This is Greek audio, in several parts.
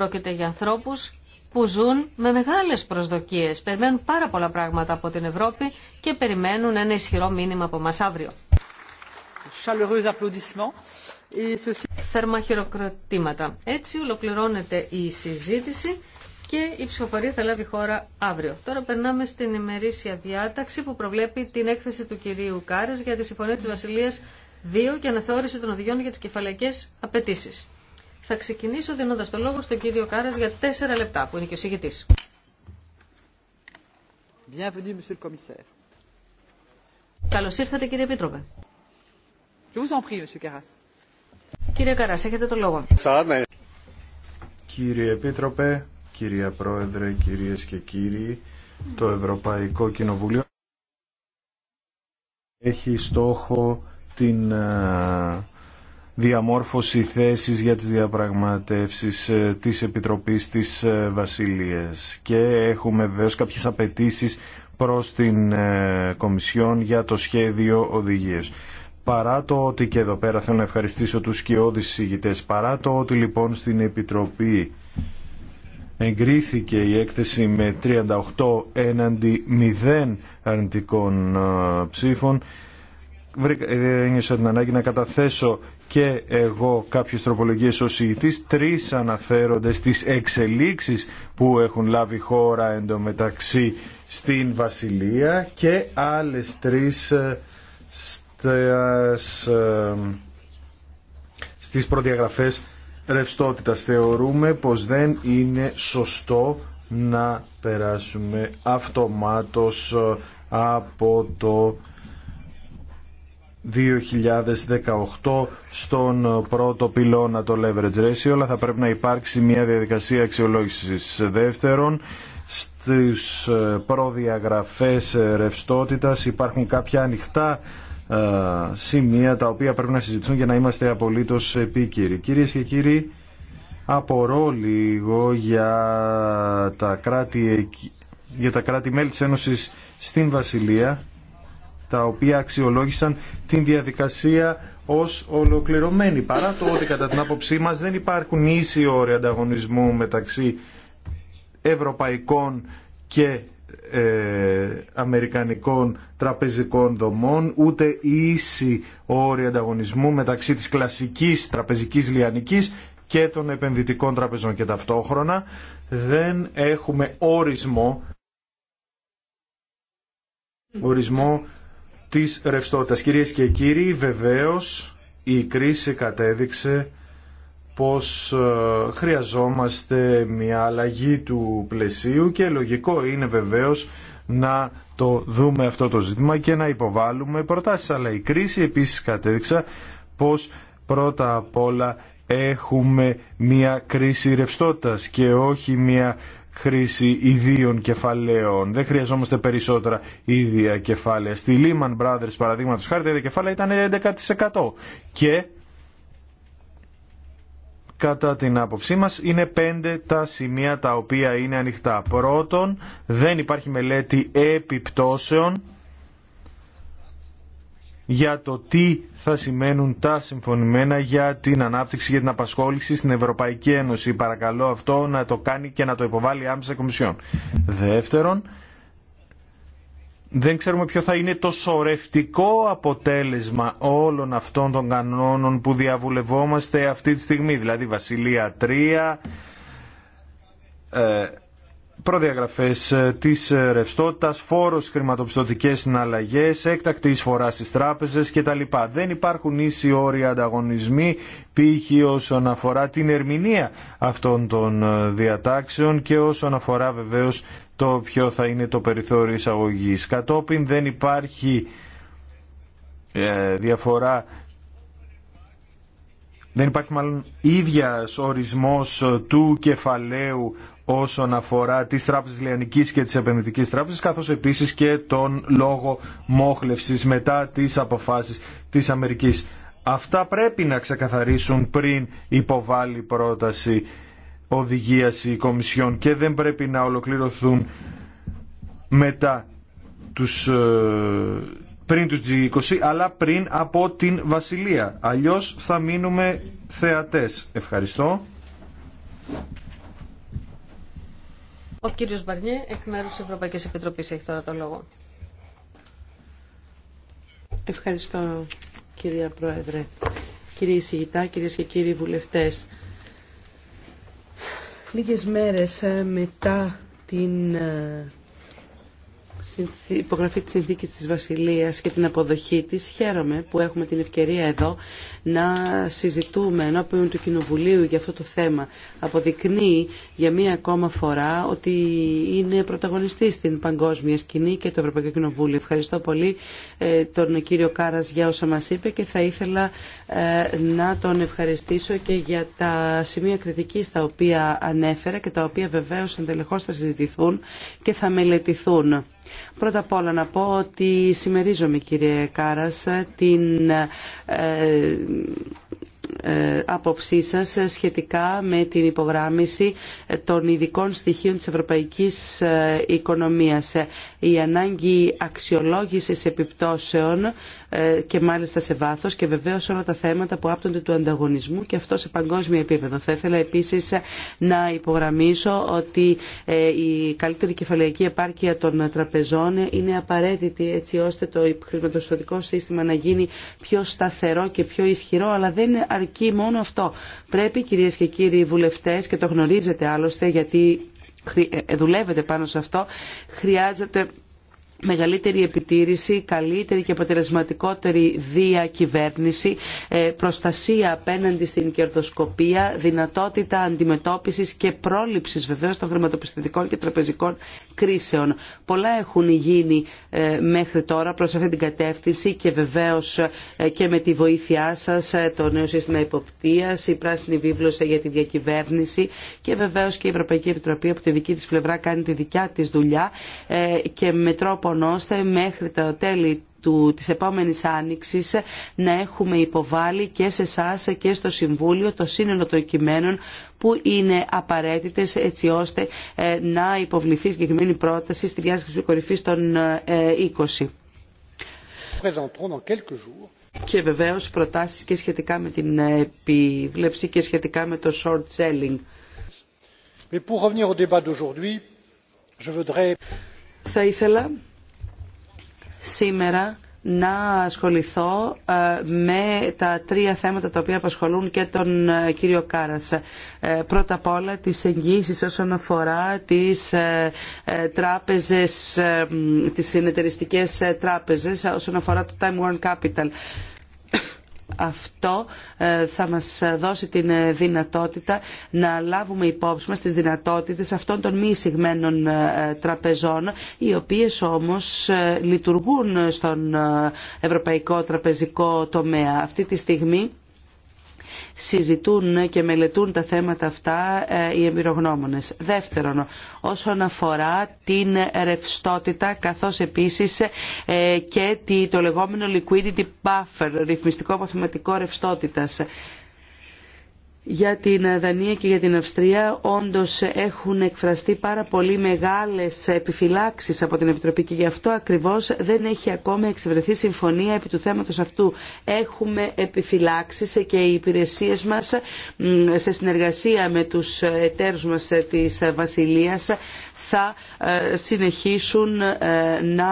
Πρόκειται για ανθρώπους που ζουν με μεγάλες προσδοκίες. Περιμένουν πάρα πολλά πράγματα από την Ευρώπη και περιμένουν ένα ισχυρό μήνυμα από μας αύριο. Θερμά χειροκροτήματα. Έτσι ολοκληρώνεται η συζήτηση και η ψηφοφορία θα λάβει χώρα αύριο. Τώρα περνάμε στην ημερήσια διάταξη που προβλέπει την έκθεση του κυρίου Κάρες για τη Συμφωνία της Βασιλείας 2 και αναθεώρηση των οδηγιών για τις κεφαλαϊκές απαιτήσει. Θα ξεκινήσω δίνοντα το λόγο στον κύριο Κάρας για τέσσερα λεπτά, που είναι και ο συγγετής. Καλώ ήρθατε κύριε Επίτροπε. Κύριε Καράς, έχετε το λόγο. Κύριε Επίτροπε, κυρία Πρόεδρε, κυρίες και κύριοι, το Ευρωπαϊκό Κοινοβουλίο έχει στόχο την ε, διαμόρφωση θέσης για τις διαπραγματεύσεις ε, της Επιτροπής της ε, Βασιλείας και έχουμε βεβαίως κάποιες απαιτήσεις προς την ε, Κομισιόν για το σχέδιο οδηγίες. Παρά το ότι και εδώ πέρα θέλω να ευχαριστήσω τους σκιώδεις συγητές, παρά το ότι λοιπόν στην Επιτροπή εγκρίθηκε η έκθεση με 38 έναντι 0 αρνητικών ψήφων, ένιωσα την ανάγκη να καταθέσω και εγώ κάποιες τροπολογίες ως ηγητής. Τρεις αναφέρονται στις εξελίξεις που έχουν λάβει χώρα εντωμεταξύ στην Βασιλεία και άλλες τρεις ε, στις, ε, στις προδιαγραφές ρευστότητας. Θεωρούμε πως δεν είναι σωστό να περάσουμε αυτομάτως ε, από το 2018 στον πρώτο πυλώνα το leverage ratio, αλλά θα πρέπει να υπάρξει μια διαδικασία αξιολόγησης. Δεύτερον, στις προδιαγραφές ρευστότητας υπάρχουν κάποια ανοιχτά ε, σημεία τα οποία πρέπει να συζητηθούν για να είμαστε απολύτως επίκυροι. Κυρίε και κύριοι, απορώ λίγο για τα κράτη, για τα κράτη μέλη της Ένωσης στην Βασιλεία τα οποία αξιολόγησαν την διαδικασία ως ολοκληρωμένη, παρά το ότι κατά την άποψή μας δεν υπάρχουν ίσοι όροι ανταγωνισμού μεταξύ ευρωπαϊκών και ε, αμερικανικών τραπεζικών δομών, ούτε ίση όροι ανταγωνισμού μεταξύ της κλασικής τραπεζικής λιανικής και των επενδυτικών τραπεζών και ταυτόχρονα δεν έχουμε ορισμό ορισμό της ρευστότητα. Κυρίες και κύριοι, βεβαίως η κρίση κατέδειξε πως ε, χρειαζόμαστε μια αλλαγή του πλαισίου και λογικό είναι βεβαίως να το δούμε αυτό το ζήτημα και να υποβάλουμε προτάσεις. Αλλά η κρίση επίσης κατέδειξε πως πρώτα απ' όλα έχουμε μια κρίση ρευστότητας και όχι μια χρήση ιδίων κεφαλαίων. Δεν χρειαζόμαστε περισσότερα ίδια κεφάλαια. Στη Lehman Brothers, παραδείγματος χάρη, τα ίδια κεφάλαια ήταν 11% και κατά την άποψή μας είναι πέντε τα σημεία τα οποία είναι ανοιχτά. Πρώτον, δεν υπάρχει μελέτη επιπτώσεων για το τι θα σημαίνουν τα συμφωνημένα για την ανάπτυξη, για την απασχόληση στην Ευρωπαϊκή Ένωση. Παρακαλώ αυτό να το κάνει και να το υποβάλει άμεσα η Κομισιόν. Δεύτερον, δεν ξέρουμε ποιο θα είναι το σορευτικό αποτέλεσμα όλων αυτών των κανόνων που διαβουλευόμαστε αυτή τη στιγμή. Δηλαδή Βασιλεία 3, προδιαγραφές ε, της ε, ρευστότητας, φόρος χρηματοπιστωτικέ συναλλαγές, έκτακτη εισφορά στι τράπεζε κτλ. Δεν υπάρχουν ίσοι όροι ανταγωνισμοί π.χ. όσον αφορά την ερμηνεία αυτών των ε, διατάξεων και όσον αφορά βεβαίω το ποιο θα είναι το περιθώριο εισαγωγή. Κατόπιν δεν υπάρχει διαφορά δεν υπάρχει μάλλον ίδιας ορισμός του κεφαλαίου όσον αφορά τις τράπεζες Λιανικής και τις επενδυτική τράπεζες, καθώς επίσης και τον λόγο μόχλευσης μετά τι αποφάσει της Αμερικής. Αυτά πρέπει να ξεκαθαρίσουν πριν υποβάλει πρόταση οδηγίας η Κομισιόν και δεν πρέπει να ολοκληρωθούν μετά τους, ε, πριν τους G20 αλλά πριν από την Βασιλεία. Αλλιώς θα μείνουμε θεατές. Ευχαριστώ. Ο κύριος Μπαρνιέ, εκ μέρους της Ευρωπαϊκής Επιτροπής, έχει τώρα το λόγο. Ευχαριστώ, κυρία Πρόεδρε. Κύριε Ισηγητά, κυρίες και κύριοι βουλευτές. Λίγες μέρες μετά την ε, υπογραφή της συνθήκης της Βασιλείας και την αποδοχή της χαίρομαι που έχουμε την ευκαιρία εδώ να συζητούμε ενώπιον του Κοινοβουλίου για αυτό το θέμα. Αποδεικνύει για μία ακόμα φορά ότι είναι πρωταγωνιστή στην παγκόσμια σκηνή και το Ευρωπαϊκό Κοινοβούλιο. Ευχαριστώ πολύ ε, τον κύριο Κάρας για όσα μας είπε και θα ήθελα ε, να τον ευχαριστήσω και για τα σημεία κριτικής τα οποία ανέφερα και τα οποία βεβαίως εντελεχώς θα συζητηθούν και θα μελετηθούν. Πρώτα απ' όλα να πω ότι συμμερίζομαι κύριε Κάρας την ε, ε, άποψή σας σχετικά με την υπογράμμιση ε, των ειδικών στοιχείων της ευρωπαϊκής ε, οικονομίας. Η ανάγκη αξιολόγησης επιπτώσεων και μάλιστα σε βάθος και βεβαίως όλα τα θέματα που άπτονται του ανταγωνισμού και αυτό σε παγκόσμιο επίπεδο. Θα ήθελα επίσης να υπογραμμίσω ότι η καλύτερη κεφαλαϊκή επάρκεια των τραπεζών είναι απαραίτητη έτσι ώστε το χρηματοστατικό σύστημα να γίνει πιο σταθερό και πιο ισχυρό αλλά δεν αρκεί μόνο αυτό. Πρέπει κυρίες και κύριοι βουλευτές και το γνωρίζετε άλλωστε γιατί ε, δουλεύετε πάνω σε αυτό, χρειάζεται μεγαλύτερη επιτήρηση, καλύτερη και αποτελεσματικότερη διακυβέρνηση, ε, προστασία απέναντι στην κερδοσκοπία, δυνατότητα αντιμετώπισης και πρόληψης βεβαίως των χρηματοπιστωτικών και τραπεζικών κρίσεων. Πολλά έχουν γίνει ε, μέχρι τώρα προς αυτή την κατεύθυνση και βεβαίως ε, και με τη βοήθειά σας ε, το νέο σύστημα υποπτίας, η πράσινη βίβλωση για τη διακυβέρνηση και βεβαίως και η Ευρωπαϊκή Επιτροπή από τη δική της πλευρά κάνει τη δικιά της δουλειά και με τρόπον ώστε μέχρι τα τέλη του, της επόμενης άνοιξης να έχουμε υποβάλει και σε εσά και στο Συμβούλιο το σύνολο των κειμένων που είναι απαραίτητες έτσι ώστε ε, να υποβληθεί συγκεκριμένη πρόταση στη διάσκεψη κορυφής των 20. Ε, και βεβαίως προτάσεις και σχετικά με την ε, επιβλέψη και σχετικά με το short selling. Θα ήθελα σήμερα να ασχοληθώ ε, με τα τρία θέματα τα οποία απασχολούν και τον ε, κύριο Κάρας. Ε, πρώτα απ' όλα τις εγγύησεις όσον αφορά τις τράπεζες, τις συνεταιριστικές τράπεζες όσον αφορά το Time Warren Capital αυτό ε, θα μας δώσει την ε, δυνατότητα να λάβουμε υπόψη μας τις δυνατότητες αυτών των μη εισηγμένων ε, τραπεζών οι οποίες όμως λειτουργούν στον ευρωπαϊκό τραπεζικό τομέα. Αυτή τη στιγμή συζητούν και μελετούν τα θέματα αυτά ε, οι εμπειρογνώμονες. Δεύτερον, όσον αφορά την ρευστότητα καθώς επίσης ε, και το λεγόμενο liquidity buffer, ρυθμιστικό αποθεματικό ρευστότητας για την Δανία και για την Αυστρία όντως έχουν εκφραστεί πάρα πολύ μεγάλες επιφυλάξεις από την Επιτροπή και γι' αυτό ακριβώς δεν έχει ακόμα εξευρεθεί συμφωνία επί του θέματος αυτού. Έχουμε επιφυλάξεις και οι υπηρεσίες μας σε συνεργασία με τους εταίρους μας της Βασιλείας θα ε, συνεχίσουν ε, να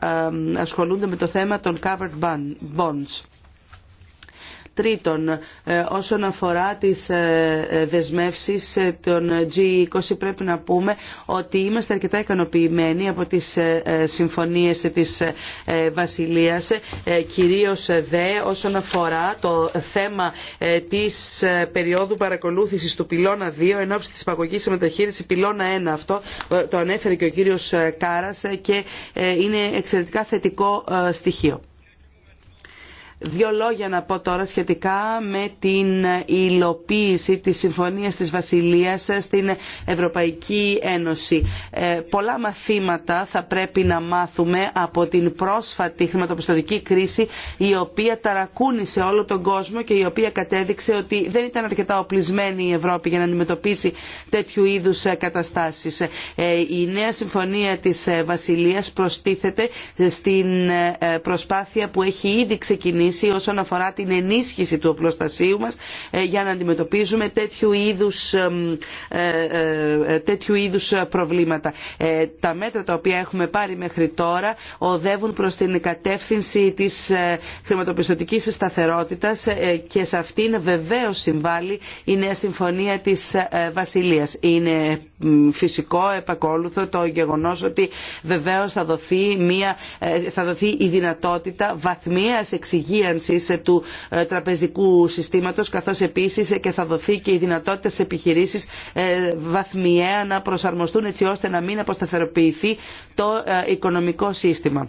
ε, ασχολούνται με το θέμα των covered bonds. Τρίτον, ε, όσον αφορά τις ε, ε, δεσμεύσεις των G20 πρέπει να πούμε ότι είμαστε αρκετά ικανοποιημένοι από τις συμφωνίες της Βασιλείας, κυρίως δε όσον αφορά το θέμα της περίοδου παρακολούθησης του πυλώνα 2 εν ώψη της παγωγής σε μεταχείριση πυλώνα 1. Αυτό το ανέφερε και ο κύριος Κάρας και είναι εξαιρετικά θετικό στοιχείο. Δύο λόγια να πω τώρα σχετικά με την υλοποίηση της Συμφωνίας της Βασιλείας στην Ευρωπαϊκή Ένωση. Ε, πολλά μαθήματα θα πρέπει να μάθουμε από την πρόσφατη χρηματοπιστωτική κρίση η οποία ταρακούνησε όλο τον κόσμο και η οποία κατέδειξε ότι δεν ήταν αρκετά οπλισμένη η Ευρώπη για να αντιμετωπίσει τέτοιου είδους καταστάσεις. Ε, η νέα Συμφωνία της Βασιλείας προστίθεται στην ε, προσπάθεια που έχει ήδη ξεκινήσει κινήσει όσον αφορά την ενίσχυση του οπλοστασίου μας ε, για να αντιμετωπίζουμε τέτοιου είδους, ε, ε, τέτοιου είδους προβλήματα. Τα μέτρα τα οποία έχουμε πάρει μέχρι τώρα οδεύουν προς την κατεύθυνση της χρηματοπιστωτικής σταθερότητας και σε αυτήν βεβαίως συμβάλλει η νέα συμφωνία της Βασιλείας. Είναι φυσικό επακόλουθο το γεγονός ότι βεβαίως θα δοθεί, μια, θα δοθεί η δυνατότητα βαθμίας εξηγή ε, του ε, τραπεζικού συστήματος καθώς επίσης ε, και θα δοθεί και η δυνατότητα στι επιχειρήσει βαθμιαία να προσαρμοστούν έτσι ώστε να μην αποσταθεροποιηθεί το οικονομικό σύστημα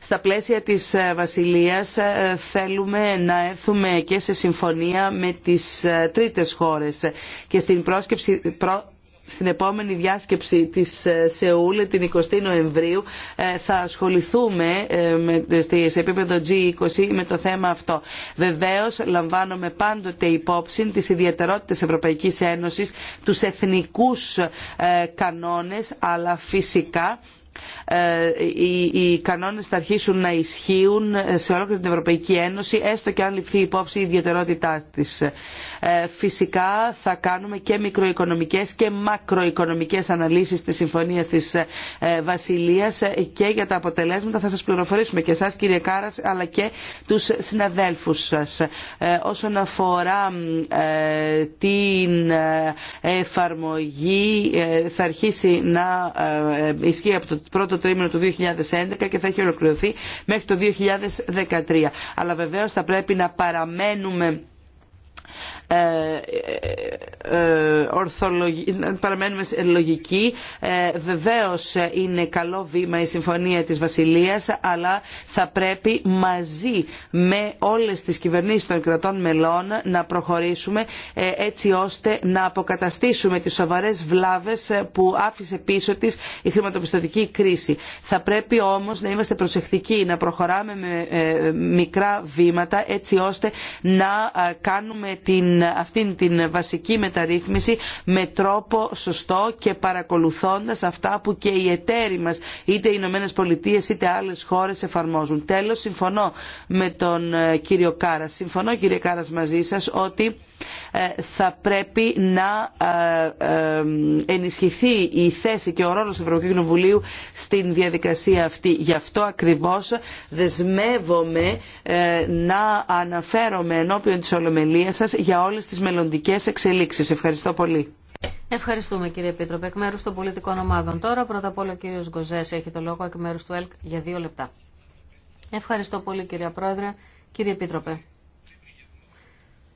στα πλαίσια της βασιλείας θέλουμε να έρθουμε και σε συμφωνία με τις τρίτες χώρες και στην, στην επόμενη διάσκεψη της ε, Σεούλ την 20η Νοεμβρίου ε, θα ασχοληθούμε ε, σε επίπεδο G20 με το θέμα αυτό. Βεβαίως λαμβάνουμε πάντοτε υπόψη τις ιδιαιτερότητες Ευρωπαϊκής Ένωσης, τους εθνικούς κανόνες αλλά φυσικά ε, οι κανόνες θα αρχίσουν να ισχύουν σε ολόκληρη την Ευρωπαϊκή Ένωση έστω και αν ληφθεί υπόψη η ιδιαιτερότητά της. Ε, φυσικά θα κάνουμε και μικροοικονομικές και μακροοικονομικές αναλύσεις της Συμφωνίας της ε, Βασιλείας και για τα αποτελέσματα θα σας πληροφορήσουμε και εσάς κύριε Κάρας αλλά και τους συναδέλφους σας. Όσον αφορά την εφαρμογή θα αρχίσει να ισχύει από το πρώτο τρίμηνο του 2011 και θα έχει ολοκληρωθεί μέχρι το 2013. Αλλά βεβαίως θα πρέπει να παραμένουμε ε, ε, ε, παραμένουμε λογικοί. Βεβαίω είναι καλό βήμα η συμφωνία της Βασιλείας, αλλά θα πρέπει μαζί με όλες τις κυβερνήσεις των κρατών μελών να προχωρήσουμε έτσι ώστε να αποκαταστήσουμε τις σοβαρές βλάβες που άφησε πίσω της η χρηματοπιστωτική κρίση. Θα πρέπει όμως να είμαστε προσεκτικοί, να προχωράμε με μικρά βήματα έτσι ώστε να κάνουμε την αυτήν την βασική μεταρρύθμιση με τρόπο σωστό και παρακολουθώντας αυτά που και οι εταίροι μας είτε οι Ηνωμένε Πολιτείε είτε άλλες χώρες εφαρμόζουν. Τέλος, συμφωνώ με τον ε, κύριο Κάρα. Συμφωνώ κύριε Κάρας μαζί σας ότι ε, θα πρέπει να ε, ε, ενισχυθεί η θέση και ο ρόλος του Ευρωπαϊκού Κοινοβουλίου στην διαδικασία αυτή. Γι' αυτό ακριβώς δεσμεύομαι να αναφέρομαι ενώπιον της Ολομελίας σας για όλες τις μελλοντικέ εξελίξεις. Ευχαριστώ πολύ. Ευχαριστούμε κύριε Επίτροπε. Εκ μέρου των πολιτικών ομάδων τώρα, πρώτα απ' όλα ο κύριος Γοζές έχει το λόγο εκ μέρου του ΕΛΚ για δύο λεπτά. Ευχαριστώ πολύ κύριε Πρόεδρε, κύριε Επίτροπε.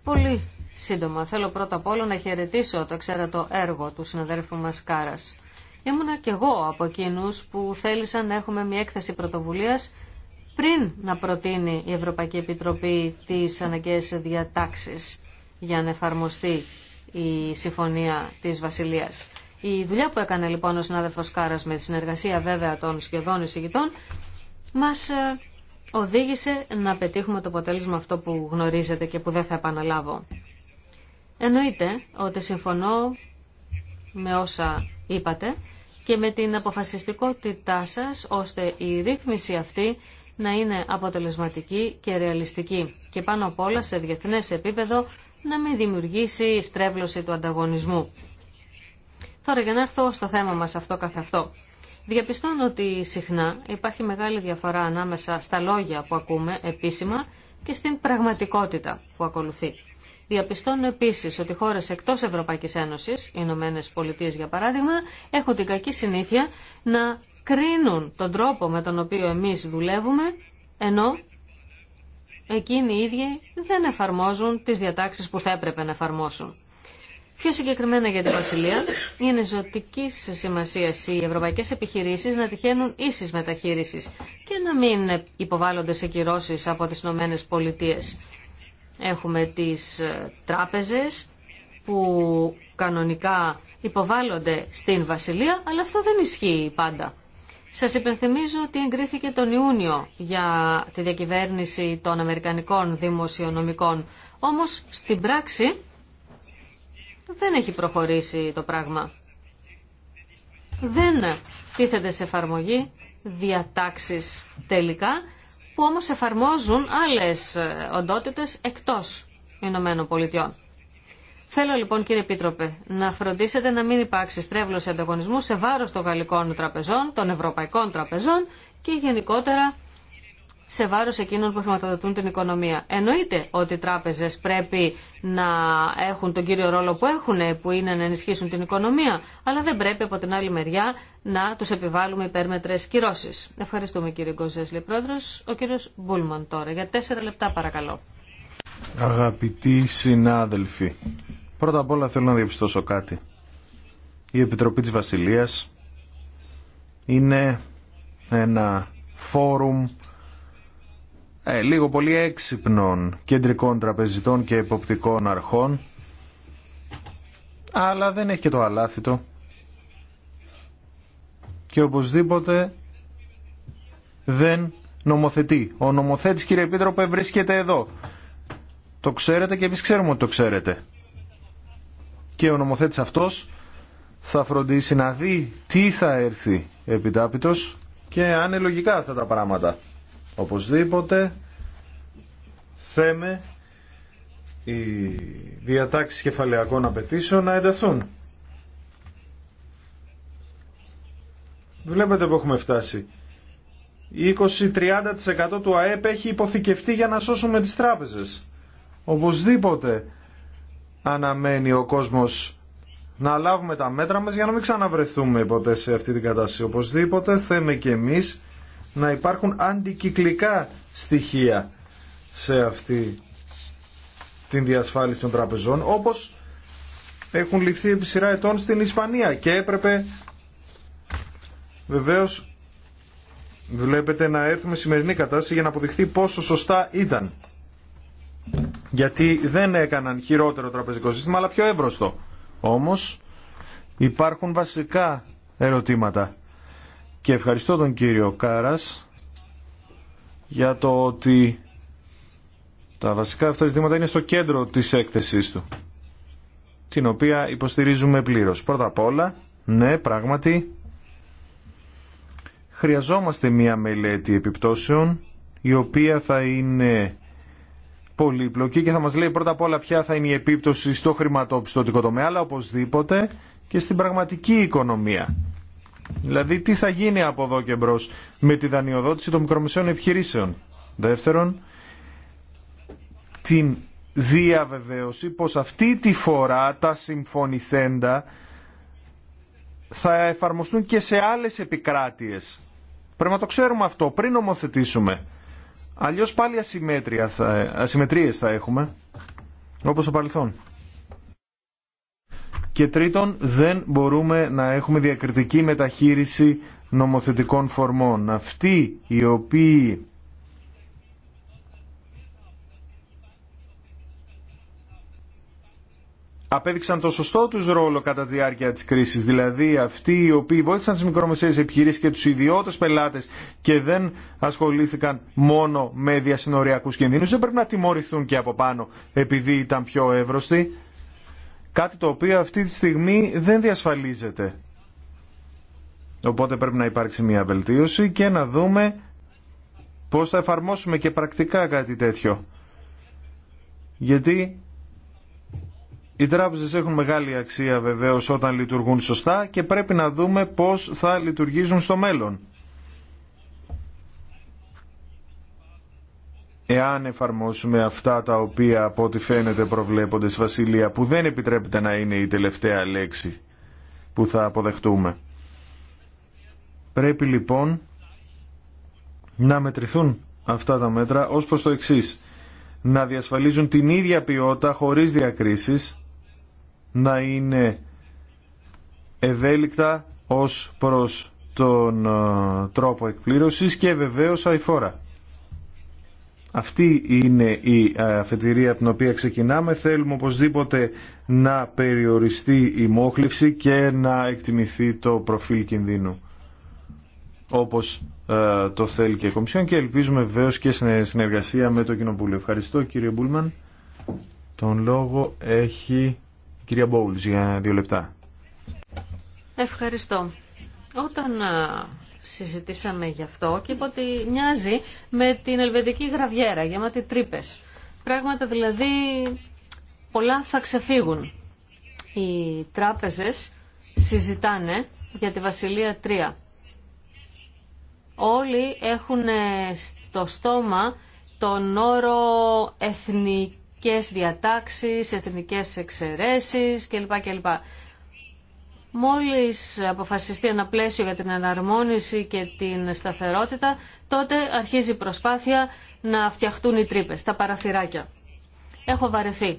Πολύ σύντομα. Θέλω πρώτα απ' όλα να χαιρετήσω το εξαίρετο έργο του συναδέλφου μας Κάρας. Ήμουνα κι εγώ από εκείνου που θέλησαν να έχουμε μια έκθεση πρωτοβουλία πριν να προτείνει η Ευρωπαϊκή Επιτροπή τι αναγκαίε διατάξει για να εφαρμοστεί η Συμφωνία τη Βασιλεία. Η δουλειά που έκανε λοιπόν ο συνάδελφο Κάρα με τη συνεργασία βέβαια των σχεδόν εισηγητών μα ε, οδήγησε να πετύχουμε το αποτέλεσμα αυτό που γνωρίζετε και που δεν θα επαναλάβω. Εννοείται ότι συμφωνώ με όσα είπατε και με την αποφασιστικότητά σας ώστε η ρύθμιση αυτή να είναι αποτελεσματική και ρεαλιστική και πάνω απ' όλα σε διεθνές επίπεδο να μην δημιουργήσει στρέβλωση του ανταγωνισμού. Τώρα για να έρθω στο θέμα μας αυτό καθ' αυτό. Διαπιστώνω ότι συχνά υπάρχει μεγάλη διαφορά ανάμεσα στα λόγια που ακούμε επίσημα και στην πραγματικότητα που ακολουθεί. Διαπιστώνουν επίση ότι χώρε εκτό Ευρωπαϊκή Ένωση, οι Ηνωμένε Πολιτείε για παράδειγμα, έχουν την κακή συνήθεια να κρίνουν τον τρόπο με τον οποίο εμεί δουλεύουμε, ενώ εκείνοι οι ίδιοι δεν εφαρμόζουν τι διατάξει που θα έπρεπε να εφαρμόσουν. Πιο συγκεκριμένα για τη Βασιλεία, είναι ζωτική σημασία οι ευρωπαϊκέ επιχειρήσει να τυχαίνουν ίση μεταχείριση και να μην υποβάλλονται σε κυρώσει από τι Ηνωμένε Πολιτείε. Έχουμε τις ε, τράπεζες που κανονικά υποβάλλονται στην Βασιλεία, αλλά αυτό δεν ισχύει πάντα. Σας υπενθυμίζω ότι εγκρίθηκε τον Ιούνιο για τη διακυβέρνηση των Αμερικανικών Δημοσιονομικών. Όμως στην πράξη δεν έχει προχωρήσει το πράγμα. Δεν τίθεται σε εφαρμογή διατάξεις τελικά που όμως εφαρμόζουν άλλες ε, οντότητες εκτός Ηνωμένων Πολιτειών. Θέλω λοιπόν κύριε Επίτροπε να φροντίσετε να μην υπάρξει στρέβλωση ανταγωνισμού σε βάρος των γαλλικών τραπεζών, των ευρωπαϊκών τραπεζών και γενικότερα σε βάρο εκείνων που χρηματοδοτούν την οικονομία. Εννοείται ότι οι τράπεζε πρέπει να έχουν τον κύριο ρόλο που έχουν, που είναι να ενισχύσουν την οικονομία, αλλά δεν πρέπει από την άλλη μεριά να του επιβάλλουμε υπέρμετρε κυρώσει. Ευχαριστούμε κύριε Γκοζέσλη πρόεδρο. Ο κύριο Μπούλμαν τώρα, για τέσσερα λεπτά παρακαλώ. Αγαπητοί συνάδελφοι, πρώτα απ' όλα θέλω να διαπιστώσω κάτι. Η Επιτροπή της Βασιλείας είναι ένα φόρουμ ε, λίγο πολύ έξυπνων κεντρικών τραπεζιτών και εποπτικών αρχών αλλά δεν έχει και το αλάθητο και οπωσδήποτε δεν νομοθετεί. Ο νομοθέτης κύριε Επίτροπε βρίσκεται εδώ. Το ξέρετε και εμείς ξέρουμε ότι το ξέρετε. Και ο νομοθέτης αυτός θα φροντίσει να δει τι θα έρθει επιτάπητος και αν είναι λογικά αυτά τα πράγματα. Οπωσδήποτε θέμε οι διατάξεις κεφαλαιακών απαιτήσεων να ενταθούν. Βλέπετε που έχουμε φτάσει. 20-30% του ΑΕΠ έχει υποθηκευτεί για να σώσουμε τις τράπεζες. Οπωσδήποτε αναμένει ο κόσμος να λάβουμε τα μέτρα μας για να μην ξαναβρεθούμε ποτέ σε αυτή την κατάσταση. Οπωσδήποτε θέμε και εμείς να υπάρχουν αντικυκλικά στοιχεία σε αυτή την διασφάλιση των τραπεζών όπως έχουν ληφθεί επί σειρά ετών στην Ισπανία και έπρεπε βεβαίως βλέπετε να έρθουμε σημερινή κατάσταση για να αποδειχθεί πόσο σωστά ήταν γιατί δεν έκαναν χειρότερο τραπεζικό σύστημα αλλά πιο εύρωστο όμως υπάρχουν βασικά ερωτήματα και ευχαριστώ τον κύριο Κάρας για το ότι τα βασικά αυτά ζητήματα είναι στο κέντρο της έκθεσής του, την οποία υποστηρίζουμε πλήρως. Πρώτα απ' όλα, ναι, πράγματι, χρειαζόμαστε μία μελέτη επιπτώσεων, η οποία θα είναι πολύπλοκη και θα μας λέει πρώτα απ' όλα ποια θα είναι η επίπτωση στο χρηματοπιστωτικό τομέα, αλλά οπωσδήποτε και στην πραγματική οικονομία. Δηλαδή τι θα γίνει από εδώ και μπρο με τη δανειοδότηση των μικρομεσαίων επιχειρήσεων. Δεύτερον, την διαβεβαίωση πως αυτή τη φορά τα συμφωνηθέντα θα εφαρμοστούν και σε άλλες επικράτειες. Πρέπει να το ξέρουμε αυτό πριν νομοθετήσουμε. Αλλιώς πάλι ασυμμέτρια θα, θα έχουμε, όπως στο παρελθόν. Και τρίτον, δεν μπορούμε να έχουμε διακριτική μεταχείριση νομοθετικών φορμών. Αυτοί οι οποίοι απέδειξαν το σωστό τους ρόλο κατά τη διάρκεια της κρίσης, δηλαδή αυτοί οι οποίοι βοήθησαν τις μικρομεσαίες επιχειρήσεις και τους ιδιώτες πελάτες και δεν ασχολήθηκαν μόνο με διασυνοριακούς κινδύνους, δεν πρέπει να τιμωρηθούν και από πάνω επειδή ήταν πιο εύρωστοι. Κάτι το οποίο αυτή τη στιγμή δεν διασφαλίζεται. Οπότε πρέπει να υπάρξει μια βελτίωση και να δούμε πώς θα εφαρμόσουμε και πρακτικά κάτι τέτοιο. Γιατί οι τράπεζες έχουν μεγάλη αξία βεβαίως όταν λειτουργούν σωστά και πρέπει να δούμε πώς θα λειτουργήσουν στο μέλλον. εάν εφαρμόσουμε αυτά τα οποία από ό,τι φαίνεται προβλέπονται στη Βασιλεία που δεν επιτρέπεται να είναι η τελευταία λέξη που θα αποδεχτούμε. Πρέπει λοιπόν να μετρηθούν αυτά τα μέτρα ως προς το εξής. Να διασφαλίζουν την ίδια ποιότητα χωρίς διακρίσεις, να είναι ευέλικτα ως προς τον ε, τρόπο εκπλήρωσης και βεβαίως αηφόρα. Αυτή είναι η ε, αφετηρία από την οποία ξεκινάμε. Θέλουμε οπωσδήποτε να περιοριστεί η μόχλευση και να εκτιμηθεί το προφίλ κινδύνου όπως ε, το θέλει και η Κομισιόν και ελπίζουμε βεβαίω και στην συνεργασία με το Κοινοβούλιο. Ευχαριστώ κύριε Μπούλμαν. Τον λόγο έχει η κυρία Μπόουλς για δύο λεπτά. Ευχαριστώ. Όταν ε, συζητήσαμε γι' αυτό και είπε ότι μοιάζει με την ελβετική γραβιέρα, γεμάτη τρύπε. Πράγματα δηλαδή πολλά θα ξεφύγουν. Οι τράπεζες συζητάνε για τη Βασιλεία 3. Όλοι έχουν ε, στο στόμα τον όρο εθνικές διατάξεις, εθνικές εξαιρέσεις κλπ. κλπ. Μόλις αποφασιστεί ένα πλαίσιο για την εναρμόνιση και την σταθερότητα, τότε αρχίζει η προσπάθεια να φτιαχτούν οι τρύπες, τα παραθυράκια. Έχω βαρεθεί.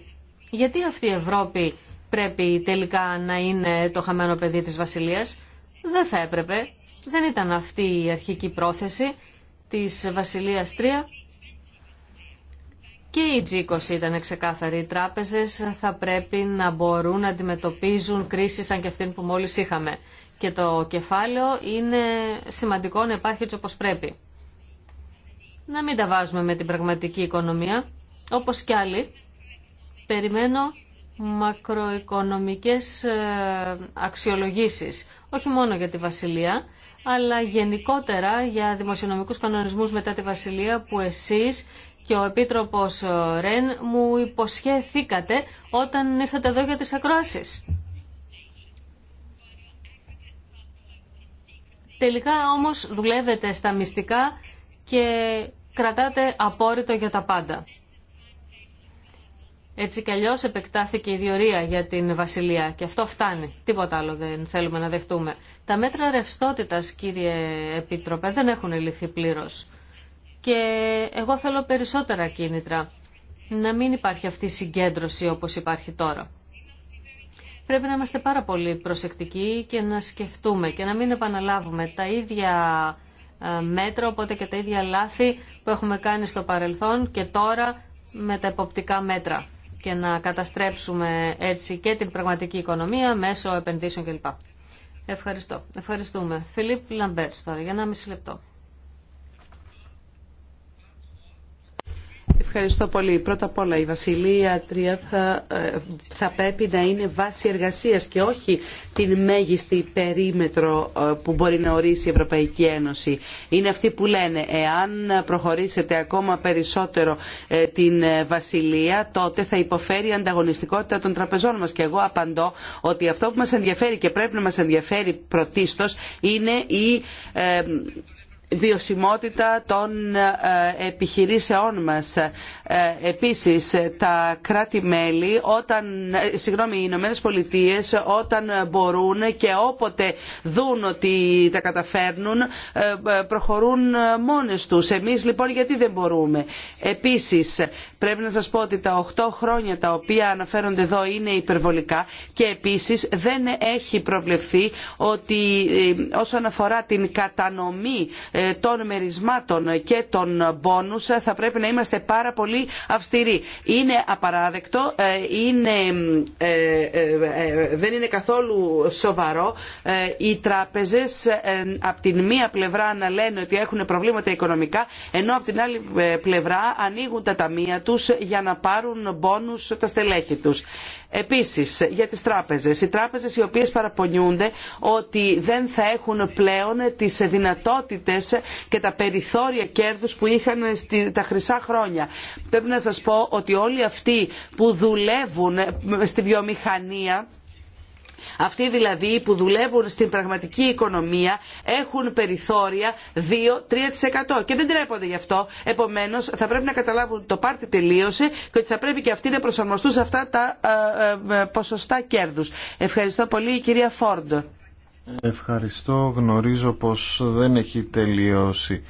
Γιατί αυτή η Ευρώπη πρέπει τελικά να είναι το χαμένο παιδί της Βασιλείας. Δεν θα έπρεπε. Δεν ήταν αυτή η αρχική πρόθεση της Βασιλείας Τρία. Και η G20 ήταν ξεκάθαρη. Οι τράπεζε θα πρέπει να μπορούν να αντιμετωπίζουν κρίσεις σαν και αυτήν που μόλι είχαμε. Και το κεφάλαιο είναι σημαντικό να υπάρχει έτσι όπως πρέπει. Να μην τα βάζουμε με την πραγματική οικονομία. Όπως κι άλλοι, περιμένω μακροοικονομικές ε, αξιολογήσεις. Όχι μόνο για τη Βασιλεία, αλλά γενικότερα για δημοσιονομικούς κανονισμούς μετά τη Βασιλεία που εσεί και ο Επίτροπος ε, Ρεν μου υποσχεθήκατε όταν ήρθατε εδώ για τις ακρόασεις. Τελικά όμως δουλεύετε στα μυστικά και κρατάτε απόρριτο για τα πάντα. Έτσι κι αλλιώς επεκτάθηκε η διορία για την Βασιλεία και αυτό φτάνει. Τίποτα άλλο δεν θέλουμε να δεχτούμε. Τα μέτρα ρευστότητας, κύριε Επίτροπε, δεν έχουν λυθεί πλήρως. Και εγώ θέλω περισσότερα κίνητρα. Να μην υπάρχει αυτή η συγκέντρωση όπως υπάρχει τώρα. Πρέπει να είμαστε πάρα πολύ προσεκτικοί και να σκεφτούμε και να μην επαναλάβουμε τα ίδια ε, μέτρα, οπότε και τα ίδια λάθη που έχουμε κάνει στο παρελθόν και τώρα με τα εποπτικά μέτρα και να καταστρέψουμε έτσι και την πραγματική οικονομία μέσω επενδύσεων κλπ. Ευχαριστώ. Ευχαριστούμε. Φιλίπ Λαμπέρτς τώρα για ένα μισή λεπτό. Ευχαριστώ πολύ. Πρώτα απ' όλα η Βασιλεία 3 θα, ε, θα πρέπει να είναι βάση εργασία και όχι την μέγιστη περίμετρο ε, που μπορεί να ορίσει η Ευρωπαϊκή Ένωση. Είναι αυτοί που λένε εάν προχωρήσετε ακόμα περισσότερο ε, την Βασιλεία τότε θα υποφέρει η ανταγωνιστικότητα των τραπεζών μας. Και εγώ απαντώ ότι αυτό που μας ενδιαφέρει και πρέπει να μας ενδιαφέρει πρωτίστως είναι η βιωσιμότητα των ε, επιχειρήσεών μας. Ε, επίσης, τα κράτη-μέλη, όταν, ε, συγγνώμη, οι Ηνωμένες Πολιτείες, όταν μπορούν και όποτε δουν ότι τα καταφέρνουν, προχωρούν μόνες τους. Εμείς λοιπόν γιατί δεν μπορούμε. Επίσης, πρέπει να σας πω ότι τα 8 χρόνια τα οποία αναφέρονται εδώ είναι υπερβολικά και επίσης δεν έχει προβλεφθεί ότι όσον αφορά την κατανομή ε, των μερισμάτων και των μπόνους ε, θα πρέπει να είμαστε πάρα πολύ αυστηροί. Είναι απαράδεκτο, ε, είναι, δεν είναι καθόλου σοβαρό οι τράπεζες από την μία πλευρά να λένε ότι έχουν προβλήματα οικονομικά ενώ από την άλλη πλευρά ανοίγουν τα ταμεία τους για να πάρουν μπόνους τα στελέχη τους επίσης για τις τράπεζες οι τράπεζες οι οποίες παραπονιούνται ότι δεν θα έχουν πλέον τις δυνατότητες και τα περιθώρια κέρδους που είχαν τα χρυσά χρόνια. πρέπει να σας πω ότι όλοι αυτοί που δουλεύουν στη βιομηχανία αυτοί δηλαδή που δουλεύουν στην πραγματική οικονομία έχουν περιθώρια 2-3% και δεν τρέπονται γι' αυτό. Επομένω, θα πρέπει να καταλάβουν το πάρτι τελείωσε και ότι θα πρέπει και αυτοί να προσαρμοστούν σε αυτά τα ε, ε, ε, ποσοστά κέρδου. Ευχαριστώ πολύ, η κυρία Φόρντ. Ευχαριστώ. Γνωρίζω πως δεν έχει τελειώσει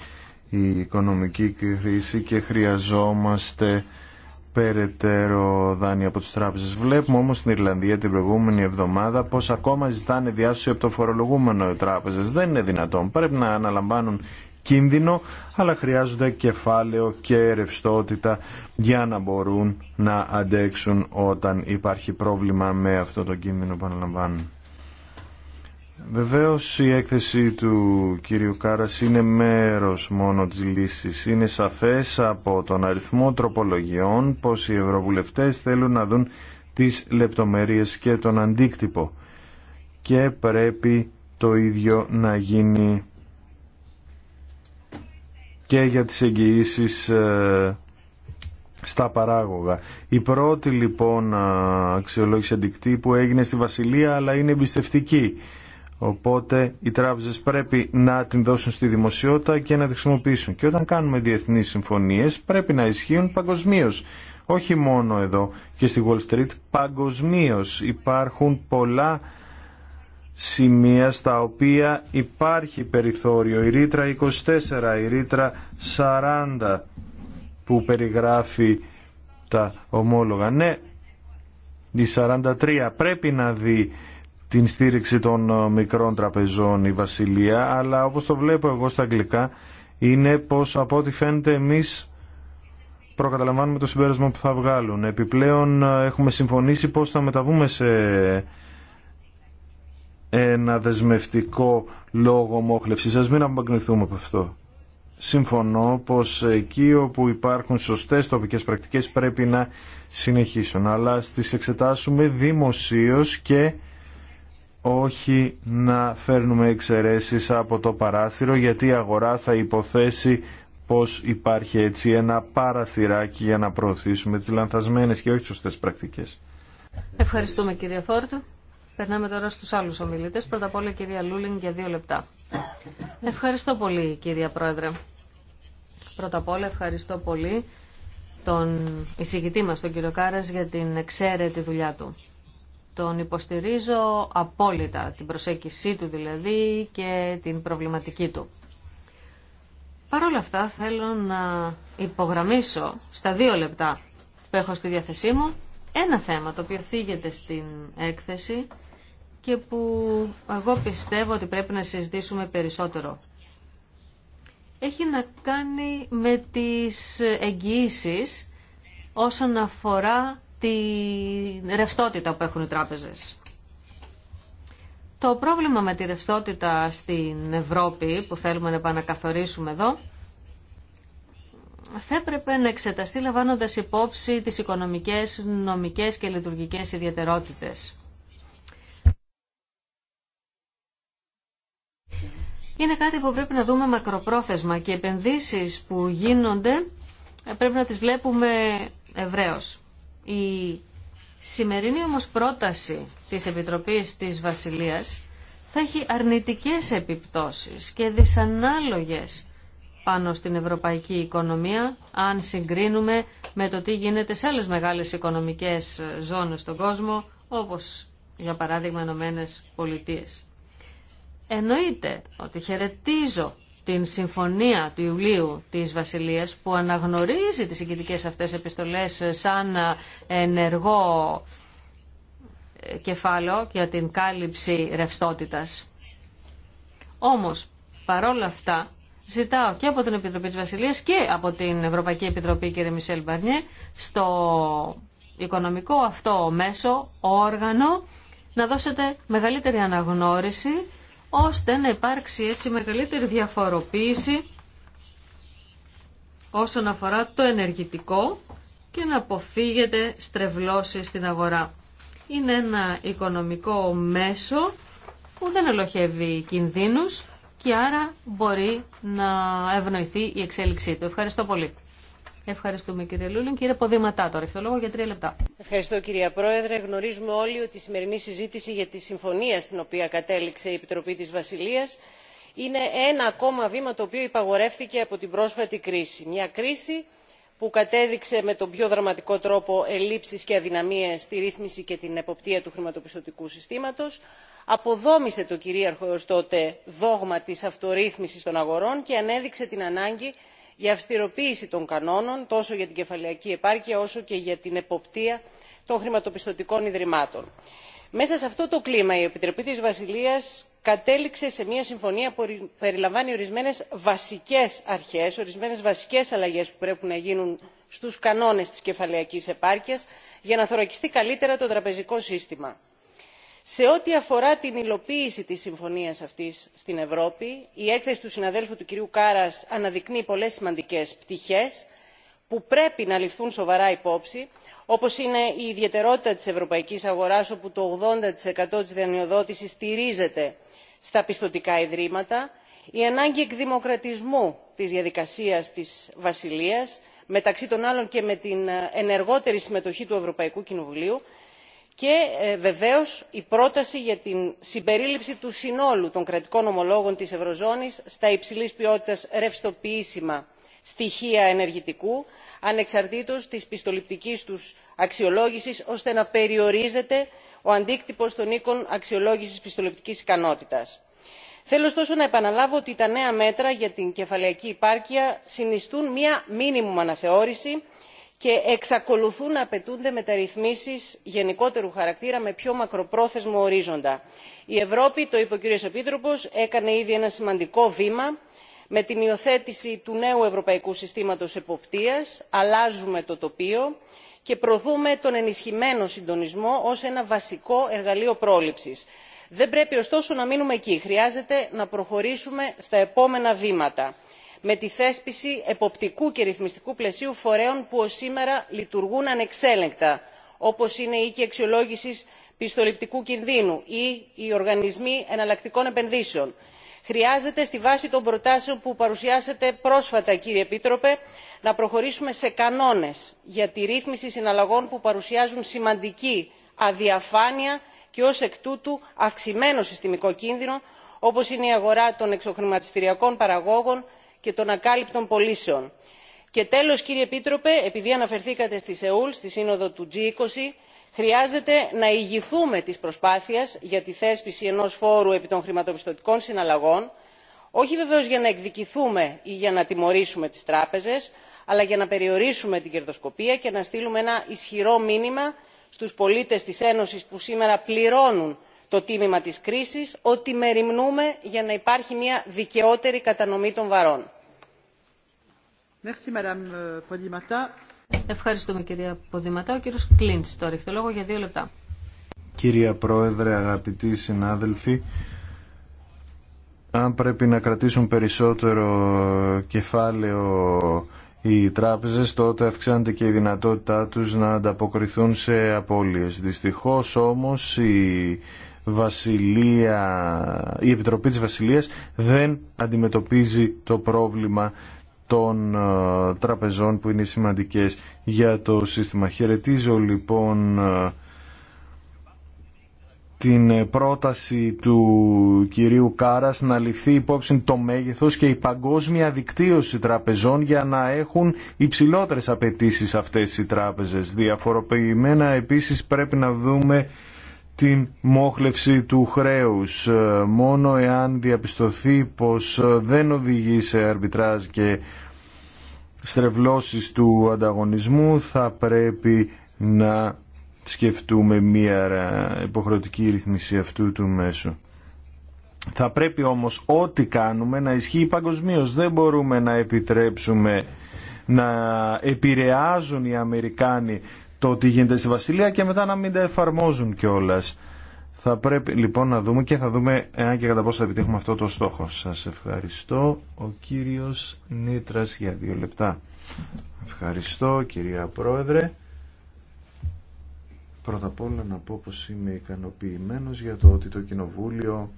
η οικονομική κρίση και χρειαζόμαστε περαιτέρω δάνεια από τις τράπεζες. Βλέπουμε όμως στην Ιρλανδία την προηγούμενη εβδομάδα πως ακόμα ζητάνε διάσωση από το φορολογούμενο οι τράπεζες. Δεν είναι δυνατόν. Πρέπει να αναλαμβάνουν κίνδυνο, αλλά χρειάζονται κεφάλαιο και ρευστότητα για να μπορούν να αντέξουν όταν υπάρχει πρόβλημα με αυτό το κίνδυνο που αναλαμβάνουν. Βεβαίως η έκθεση του κύριου Κάρας είναι μέρος μόνο της λύσης. Είναι σαφές από τον αριθμό τροπολογιών πως οι ευρωβουλευτές θέλουν να δουν τις λεπτομέρειες και τον αντίκτυπο. Και πρέπει το ίδιο να γίνει και για τις εγγυήσει ε, στα παράγωγα. Η πρώτη λοιπόν ε, αξιολόγηση αντικτύπου έγινε στη Βασιλεία αλλά είναι εμπιστευτική. Οπότε οι τράπεζε πρέπει να την δώσουν στη δημοσιότητα και να τη χρησιμοποιήσουν. Και όταν κάνουμε διεθνείς συμφωνίες πρέπει να ισχύουν παγκοσμίω. Όχι μόνο εδώ και στη Wall Street, παγκοσμίω υπάρχουν πολλά σημεία στα οποία υπάρχει περιθώριο. Η ρήτρα 24, η ρήτρα 40 που περιγράφει τα ομόλογα. Ναι, η 43 πρέπει να δει την στήριξη των ε, μικρών τραπεζών η Βασιλεία, αλλά όπως το βλέπω εγώ στα αγγλικά, είναι πως από ό,τι φαίνεται εμείς προκαταλαμβάνουμε το συμπέρασμα που θα βγάλουν. Επιπλέον ε, έχουμε συμφωνήσει πως θα μεταβούμε σε ένα δεσμευτικό λόγο μόχλευσης. Ας μην απομακρυνθούμε από αυτό. Συμφωνώ πως εκεί όπου υπάρχουν σωστές τοπικές πρακτικές πρέπει να συνεχίσουν, αλλά στις εξετάσουμε δημοσίως και όχι να φέρνουμε εξαιρέσεις από το παράθυρο γιατί η αγορά θα υποθέσει πως υπάρχει έτσι ένα παραθυράκι για να προωθήσουμε τις λανθασμένες και όχι σωστές πρακτικές. Ευχαριστούμε κύριε Θόρτου. Περνάμε τώρα στους άλλους ομιλητές. Πρώτα απ' όλα κυρία Λούλινγκ για δύο λεπτά. Ευχαριστώ πολύ κυρία Πρόεδρε. Πρώτα απ' όλα ευχαριστώ πολύ τον εισηγητή μας, τον κύριο Κάρας, για την εξαίρετη δουλειά του. Τον υποστηρίζω απόλυτα, την προσέγγιση του δηλαδή και την προβληματική του. Παρ' όλα αυτά θέλω να υπογραμμίσω στα δύο λεπτά που έχω στη διάθεσή μου ένα θέμα το οποίο θίγεται στην έκθεση και που εγώ πιστεύω ότι πρέπει να συζητήσουμε περισσότερο. Έχει να κάνει με τις εγγυήσεις όσον αφορά τη ρευστότητα που έχουν οι τράπεζες. Το πρόβλημα με τη ρευστότητα στην Ευρώπη που θέλουμε να επανακαθορίσουμε εδώ θα έπρεπε να εξεταστεί λαμβάνοντας υπόψη τις οικονομικές, νομικές και λειτουργικές ιδιαιτερότητες. Είναι κάτι που πρέπει να δούμε μακροπρόθεσμα και οι επενδύσεις που γίνονται ε, πρέπει να τις βλέπουμε ευρέως. Η σημερινή όμως πρόταση της Επιτροπής της Βασιλείας θα έχει αρνητικές επιπτώσεις και δυσανάλογες πάνω στην ευρωπαϊκή οικονομία, αν συγκρίνουμε με το τι γίνεται σε άλλες μεγάλες οικονομικές ζώνες στον κόσμο, όπως για παράδειγμα νομένες Πολιτείε. Εννοείται ότι χαιρετίζω την συμφωνία του Ιουλίου της Βασιλείας που αναγνωρίζει τις συγκητικές αυτές επιστολές σαν ενεργό κεφάλαιο για την κάλυψη ρευστότητας. Όμως, παρόλα αυτά, ζητάω και από την Επιτροπή της Βασιλείας και από την Ευρωπαϊκή Επιτροπή, κύριε Μισελ Μπαρνιέ, στο οικονομικό αυτό μέσο, όργανο, να δώσετε μεγαλύτερη αναγνώριση ώστε να υπάρξει έτσι μεγαλύτερη διαφοροποίηση όσον αφορά το ενεργητικό και να αποφύγεται στρεβλώσει στην αγορά. Είναι ένα οικονομικό μέσο που δεν ελοχεύει κινδύνους και άρα μπορεί να ευνοηθεί η εξέλιξή του. Ευχαριστώ πολύ. Ευχαριστούμε κύριε Λούλιν. Κύριε Ποδηματά τώρα το λόγο για τρία λεπτά. Ευχαριστώ κυρία Πρόεδρε. Γνωρίζουμε όλοι ότι η σημερινή συζήτηση για τη συμφωνία στην οποία κατέληξε η Επιτροπή της Βασιλείας είναι ένα ακόμα βήμα το οποίο υπαγορεύτηκε από την πρόσφατη κρίση. Μια κρίση που κατέδειξε με τον πιο δραματικό τρόπο ελλείψεις και αδυναμίες στη ρύθμιση και την εποπτεία του χρηματοπιστωτικού συστήματος αποδόμησε το κυρίαρχο τότε δόγμα της αυτορύθμισης των αγορών και ανέδειξε την ανάγκη η αυστηροποίηση των κανόνων τόσο για την κεφαλαιακή επάρκεια όσο και για την εποπτεία των χρηματοπιστωτικών ιδρυμάτων. μέσα σε αυτό το κλίμα η επιτροπή της βασιλείας κατέληξε σε μια συμφωνία που περιλαμβάνει ορισμένες βασικές αρχές ορισμένες βασικές αλλαγές που πρέπει να γίνουν στους κανόνες της κεφαλαιακής επάρκειας για να θωρακιστεί καλύτερα το τραπεζικό σύστημα σε ό,τι αφορά την υλοποίηση της συμφωνίας αυτής στην ευρώπη η έκθεση του συναδέλφου του κυρίου κάρας αναδεικνύει πολλές σημαντικές πτυχές που πρέπει να ληφθούν σοβαρά υπόψη όπως είναι η ιδιαιτερότητα της ευρωπαϊκής αγοράς όπου το 80% της διανοδότησης στηρίζεται στα πιστωτικά ιδρύματα η ανάγκη εκδημοκρατισμού της διαδικασίας της βασιλείας μεταξύ των άλλων και με την ενεργότερη συμμετοχή του ευρωπαϊκού κοινοβουλίου και ε, βεβαίως η πρόταση για την συμπερίληψη του συνόλου των κρατικών ομολόγων της ευρωζώνης στα υψηλής ποιότητας ρευστοποιήσιμα στοιχεία ενεργητικού ανεξαρτήτως της πιστοληπτικής τους αξιολόγησης ώστε να περιορίζεται ο αντίκτυπος των οίκων αξιολόγησης πιστοληπτικής ικανότητας. θέλω ωστόσο να επαναλάβω ότι τα νέα μέτρα για την κεφαλαιακή υπάρκεια συνιστούν μια μίνιμουμ αναθεώρηση και εξακολουθούν να απαιτούνται μεταρρυθμίσεις γενικότερου χαρακτήρα με πιο μακροπρόθεσμο ορίζοντα. η ευρώπη το είπε ο κύριος επίτροπος έκανε ήδη ένα σημαντικό βήμα με την υιοθέτηση του νέου ευρωπαϊκού συστήματος εποπτείας αλλάζουμε το τοπίο και προωθούμε τον ενισχυμένο συντονισμό ως ένα βασικό εργαλείο πρόληψης. δεν πρέπει ωστόσο να μείνουμε εκεί χρειάζεται να προχωρήσουμε στα επόμενα βήματα με τη θέσπιση εποπτικού και ρυθμιστικού πλαισίου φορέων που ως σήμερα λειτουργούν ανεξέλεγκτα όπως είναι οι οίκοι αξιολόγησης πιστοληπτικού κινδύνου ή οι οργανισμοί εναλλακτικών επενδύσεων. χρειάζεται στη βάση των προτάσεων που παρουσιάσατε πρόσφατα κύριε επίτροπε να προχωρήσουμε σε κανόνες για τη ρύθμιση συναλλαγών που παρουσιάζουν σημαντική αδιαφάνεια και ως εκ τούτου αυξημένο συστημικό κίνδυνο όπως είναι η αγορά των εξωχρηματιστηριακών παραγόγων και των ακάλυπτων πωλήσεων. και τέλος κύριε επίτροπε επειδή αναφερθήκατε στη σεούλ στη σύνοδο του g 20 χρειάζεται να ηγηθούμε της προσπάθειας για τη θέσπιση ενός φόρου επί των χρηματοπιστωτικών συναλλαγών όχι βεβαίως για να εκδικηθούμε ή για να τιμωρήσουμε τις τράπεζες αλλά για να περιορίσουμε την κερδοσκοπία και να στείλουμε ένα ισχυρό μήνυμα στους πολίτες της ένωσης που σήμερα πληρώνουν το τίμημα της κρίσης ότι μεριμνούμε για να υπάρχει μια δικαιότερη κατανομή των βαρών. Euh, Ευχαριστούμε κυρία Ποδηματά. Ο κύριος Κλίντς τώρα έχει το λόγο για δύο λεπτά. Κυρία Πρόεδρε, αγαπητοί συνάδελφοι, αν πρέπει να κρατήσουν περισσότερο κεφάλαιο οι τράπεζες, τότε αυξάνεται και η δυνατότητά τους να ανταποκριθούν σε απώλειες. Δυστυχώς όμως η Βασιλεία, η Επιτροπή της Βασιλείας δεν αντιμετωπίζει το πρόβλημα των ε, τραπεζών που είναι σημαντικές για το σύστημα. Χαιρετίζω λοιπόν ε, την πρόταση του κυρίου Κάρας να ληφθεί υπόψη το μέγεθος και η παγκόσμια δικτύωση τραπεζών για να έχουν υψηλότερες απαιτήσεις αυτές οι τράπεζες. Διαφοροποιημένα επίσης πρέπει να δούμε την μόχλευση του χρέους. Ε, μόνο εάν διαπιστωθεί πως ε, δεν οδηγεί σε αρμπιτράζ και στρεβλώσεις του ανταγωνισμού θα πρέπει να σκεφτούμε μία υποχρεωτική ρυθμίση αυτού του μέσου. Θα πρέπει όμως ό,τι κάνουμε να ισχύει παγκοσμίω. Δεν μπορούμε να επιτρέψουμε να επηρεάζουν οι Αμερικάνοι το ότι γίνεται στη Βασιλεία και μετά να μην τα εφαρμόζουν κιόλα. Θα πρέπει λοιπόν να δούμε και θα δούμε εάν και κατά πόσο θα επιτύχουμε αυτό το στόχο. Σας ευχαριστώ. Ο κύριος Νίτρας για δύο λεπτά. Ευχαριστώ κυρία Πρόεδρε. Πρώτα απ' όλα να πω πως είμαι ικανοποιημένος για το ότι το Κοινοβούλιο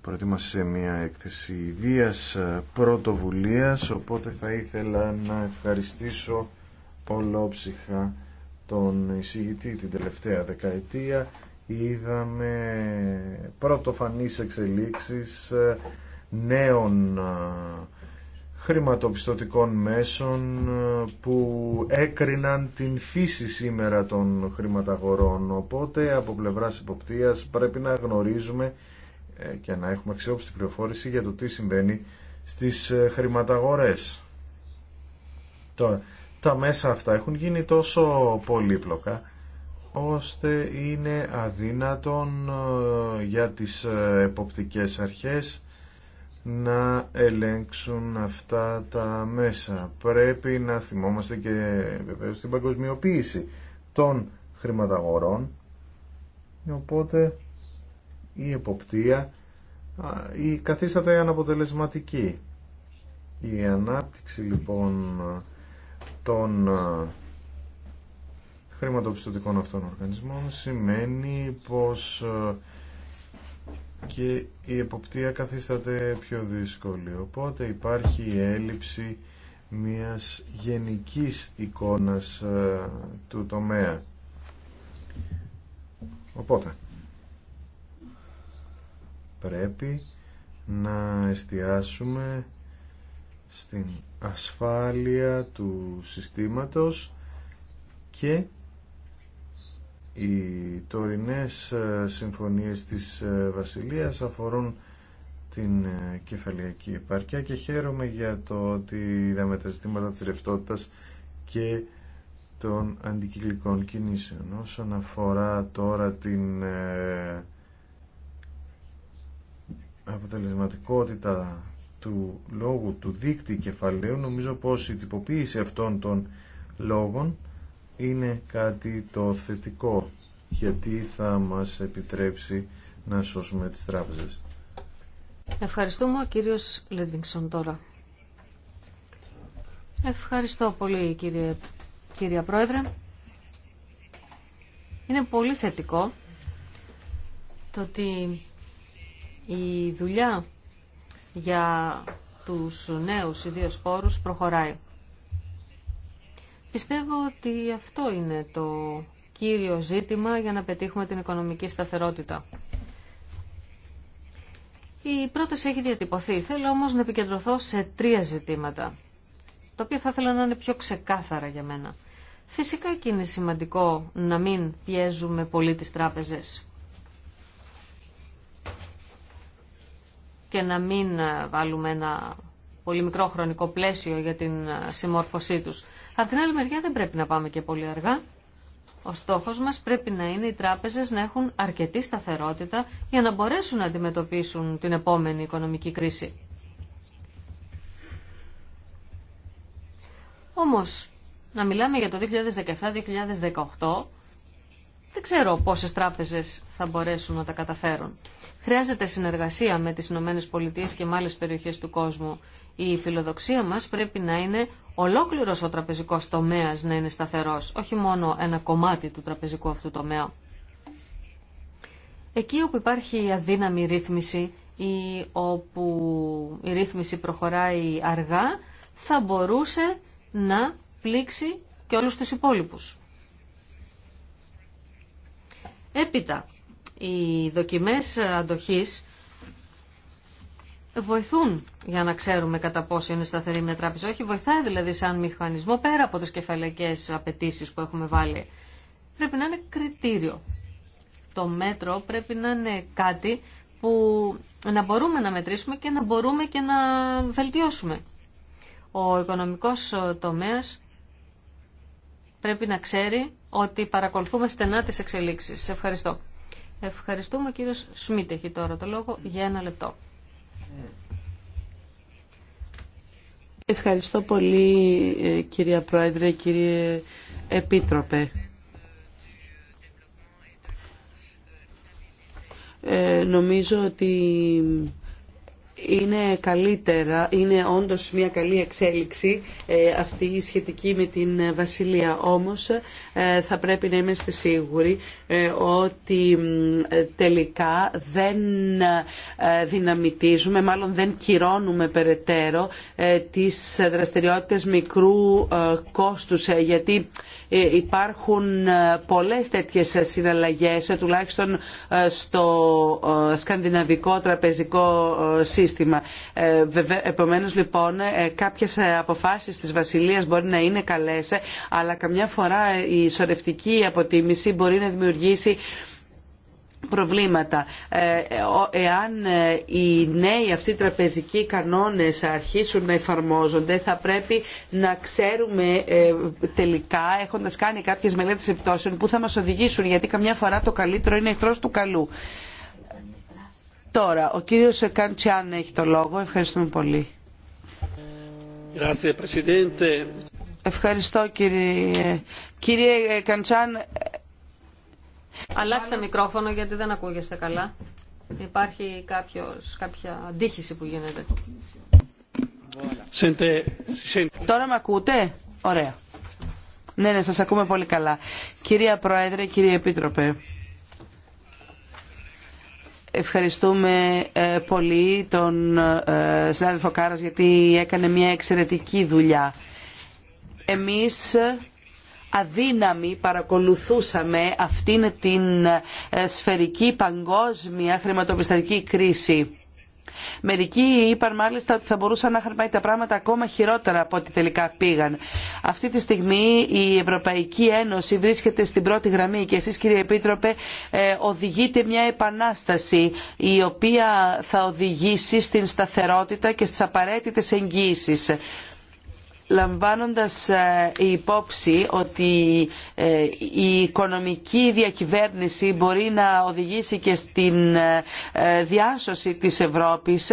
προετοίμασε μια έκθεση ιδίας πρωτοβουλίας, οπότε θα ήθελα να ευχαριστήσω ολόψυχα λοιπόν τον εισηγητή την τελευταία δεκαετία είδαμε πρωτοφανείς εξελίξεις ε, νέων ε, χρηματοπιστωτικών μέσων ε, που έκριναν την φύση σήμερα των χρηματαγορών. Οπότε από πλευράς υποπτίας πρέπει να γνωρίζουμε και να έχουμε αξιόπιστη πληροφόρηση για το τι συμβαίνει στις χρηματαγορές. Τώρα, τα μέσα αυτά έχουν γίνει τόσο πολύπλοκα ώστε είναι αδύνατον ε, για τις ε, εποπτικές αρχές να ελέγξουν αυτά τα μέσα. Πρέπει να θυμόμαστε και βεβαίως την παγκοσμιοποίηση των χρηματαγορών οπότε η εποπτεία η καθίσταται αναποτελεσματική. Η ανάπτυξη λοιπόν των ε, χρηματοπιστωτικών αυτών οργανισμών σημαίνει πως ε, και η εποπτεία καθίσταται πιο δύσκολη. Οπότε υπάρχει η έλλειψη μιας γενικής εικόνας ε, του τομέα. Οπότε, πρέπει να εστιάσουμε στην ασφάλεια του συστήματος και οι τωρινές ε, συμφωνίες της ε, Βασιλείας αφορούν την ε, κεφαλιακή επαρκιά και χαίρομαι για το ότι είδαμε τα ζητήματα της ρευστότητα και των αντικυκλικών κινήσεων. Όσον αφορά τώρα την αποτελεσματικότητα του λόγου του δίκτυ κεφαλαίου νομίζω πως η τυποποίηση αυτών των λόγων είναι κάτι το θετικό γιατί θα μας επιτρέψει να σώσουμε τις τράπεζες. Ευχαριστούμε ο κύριος Λέντινγκσον τώρα. Ευχαριστώ πολύ κύριε, κύριε Πρόεδρε. Είναι πολύ θετικό το ότι η δουλειά για τους νέους ιδίως πόρους προχωράει. Πιστεύω ότι αυτό είναι το κύριο ζήτημα για να πετύχουμε την οικονομική σταθερότητα. Η πρόταση έχει διατυπωθεί. Θέλω όμως να επικεντρωθώ σε τρία ζητήματα, τα οποία θα ήθελα να είναι πιο ξεκάθαρα για μένα. Φυσικά και είναι σημαντικό να μην πιέζουμε πολύ τις τράπεζες. και να μην ε, βάλουμε ένα πολύ μικρό χρονικό πλαίσιο για την ε, συμμόρφωσή τους. Από την άλλη μεριά δεν πρέπει να πάμε και πολύ αργά. Ο στόχος μας πρέπει να είναι οι τράπεζες να έχουν αρκετή σταθερότητα για να μπορέσουν να αντιμετωπίσουν την επόμενη οικονομική κρίση. Όμως, να μιλάμε για το 2017-2018 δεν ξέρω πόσες τράπεζες θα μπορέσουν να τα καταφέρουν. Χρειάζεται συνεργασία με τις Ηνωμένες Πολιτείες και με άλλες περιοχές του κόσμου. Η φιλοδοξία μας πρέπει να είναι ολόκληρος ο τραπεζικός τομέας να είναι σταθερός, όχι μόνο ένα κομμάτι του τραπεζικού αυτού τομέα. Εκεί όπου υπάρχει αδύναμη ρύθμιση ή όπου η ρύθμιση προχωράει αργά, θα μπορούσε να πλήξει και όλους τους υπόλοιπους. Έπειτα, οι δοκιμές αντοχής βοηθούν για να ξέρουμε κατά πόσο είναι σταθερή μια τράπεζα. Όχι, βοηθάει δηλαδή σαν μηχανισμό πέρα από τις κεφαλαϊκές απαιτήσει που έχουμε βάλει. Πρέπει να είναι κριτήριο. Το μέτρο πρέπει να είναι κάτι που να μπορούμε να μετρήσουμε και να μπορούμε και να βελτιώσουμε. Ο οικονομικός τομέας πρέπει να ξέρει ότι παρακολουθούμε στενά τις εξελίξεις. Ευχαριστώ. Ευχαριστούμε. Ο κύριος Σμίτ έχει τώρα το λόγο για ένα λεπτό. Ευχαριστώ πολύ ε, κυρία Πρόεδρε, κύριε Επίτροπε. Ε, νομίζω ότι είναι καλύτερα, είναι όντως μια καλή εξέλιξη ε, αυτή η σχετική με την Βασιλεία. Όμως ε, θα πρέπει να είμαστε σίγουροι ε, ότι τελικά δεν δυναμητίζουμε, μάλλον δεν κυρώνουμε περαιτέρω τις δραστηριότητες μικρού κόστους γιατί υπάρχουν πολλές τέτοιες συναλλαγές τουλάχιστον στο σκανδιναβικό τραπεζικό σύστημα σύστημα. Ε, επομένως λοιπόν ε, κάποιες ε, αποφάσεις της βασιλεία μπορεί να είναι καλές αλλά καμιά φορά η ισορρευτική αποτίμηση μπορεί να δημιουργήσει προβλήματα. Εάν οι νέοι αυτοί τραπεζικοί κανόνες αρχίσουν να εφαρμόζονται θα πρέπει να ξέρουμε τελικά έχοντας κάνει κάποιες μελέτες επιπτώσεων που θα μας οδηγήσουν γιατί καμιά φορά το καλύτερο είναι εχθρός του καλού. Τώρα, ο κύριος Καντσιάν έχει το λόγο. Ευχαριστούμε πολύ. Ευχαριστώ κύριε. Κύριε Καντσάν. Αλλάξτε μικρόφωνο γιατί δεν ακούγεστε καλά. Υπάρχει κάποιος, κάποια αντίχηση που γίνεται. Τώρα με ακούτε. Ωραία. Ναι, ναι, σας ακούμε πολύ καλά. Κυρία Πρόεδρε, κύριε Επίτροπε. Ευχαριστούμε ε, πολύ τον ε, συνάδελφο Κάρας γιατί έκανε μια εξαιρετική δουλειά. Εμείς αδύναμοι παρακολουθούσαμε αυτήν την ε, σφαιρική παγκόσμια χρηματοπιστωτική κρίση Μερικοί είπαν μάλιστα ότι θα μπορούσαν να είχαν τα πράγματα ακόμα χειρότερα από ό,τι τελικά πήγαν. Αυτή τη στιγμή η Ευρωπαϊκή Ένωση βρίσκεται στην πρώτη γραμμή και εσείς κύριε Επίτροπε ε, οδηγείτε μια επανάσταση η οποία θα οδηγήσει στην σταθερότητα και στις απαραίτητες εγγύησεις λαμβάνοντας ε, υπόψη ότι ε, η οικονομική διακυβέρνηση μπορεί να οδηγήσει και στην ε, διάσωση της Ευρώπης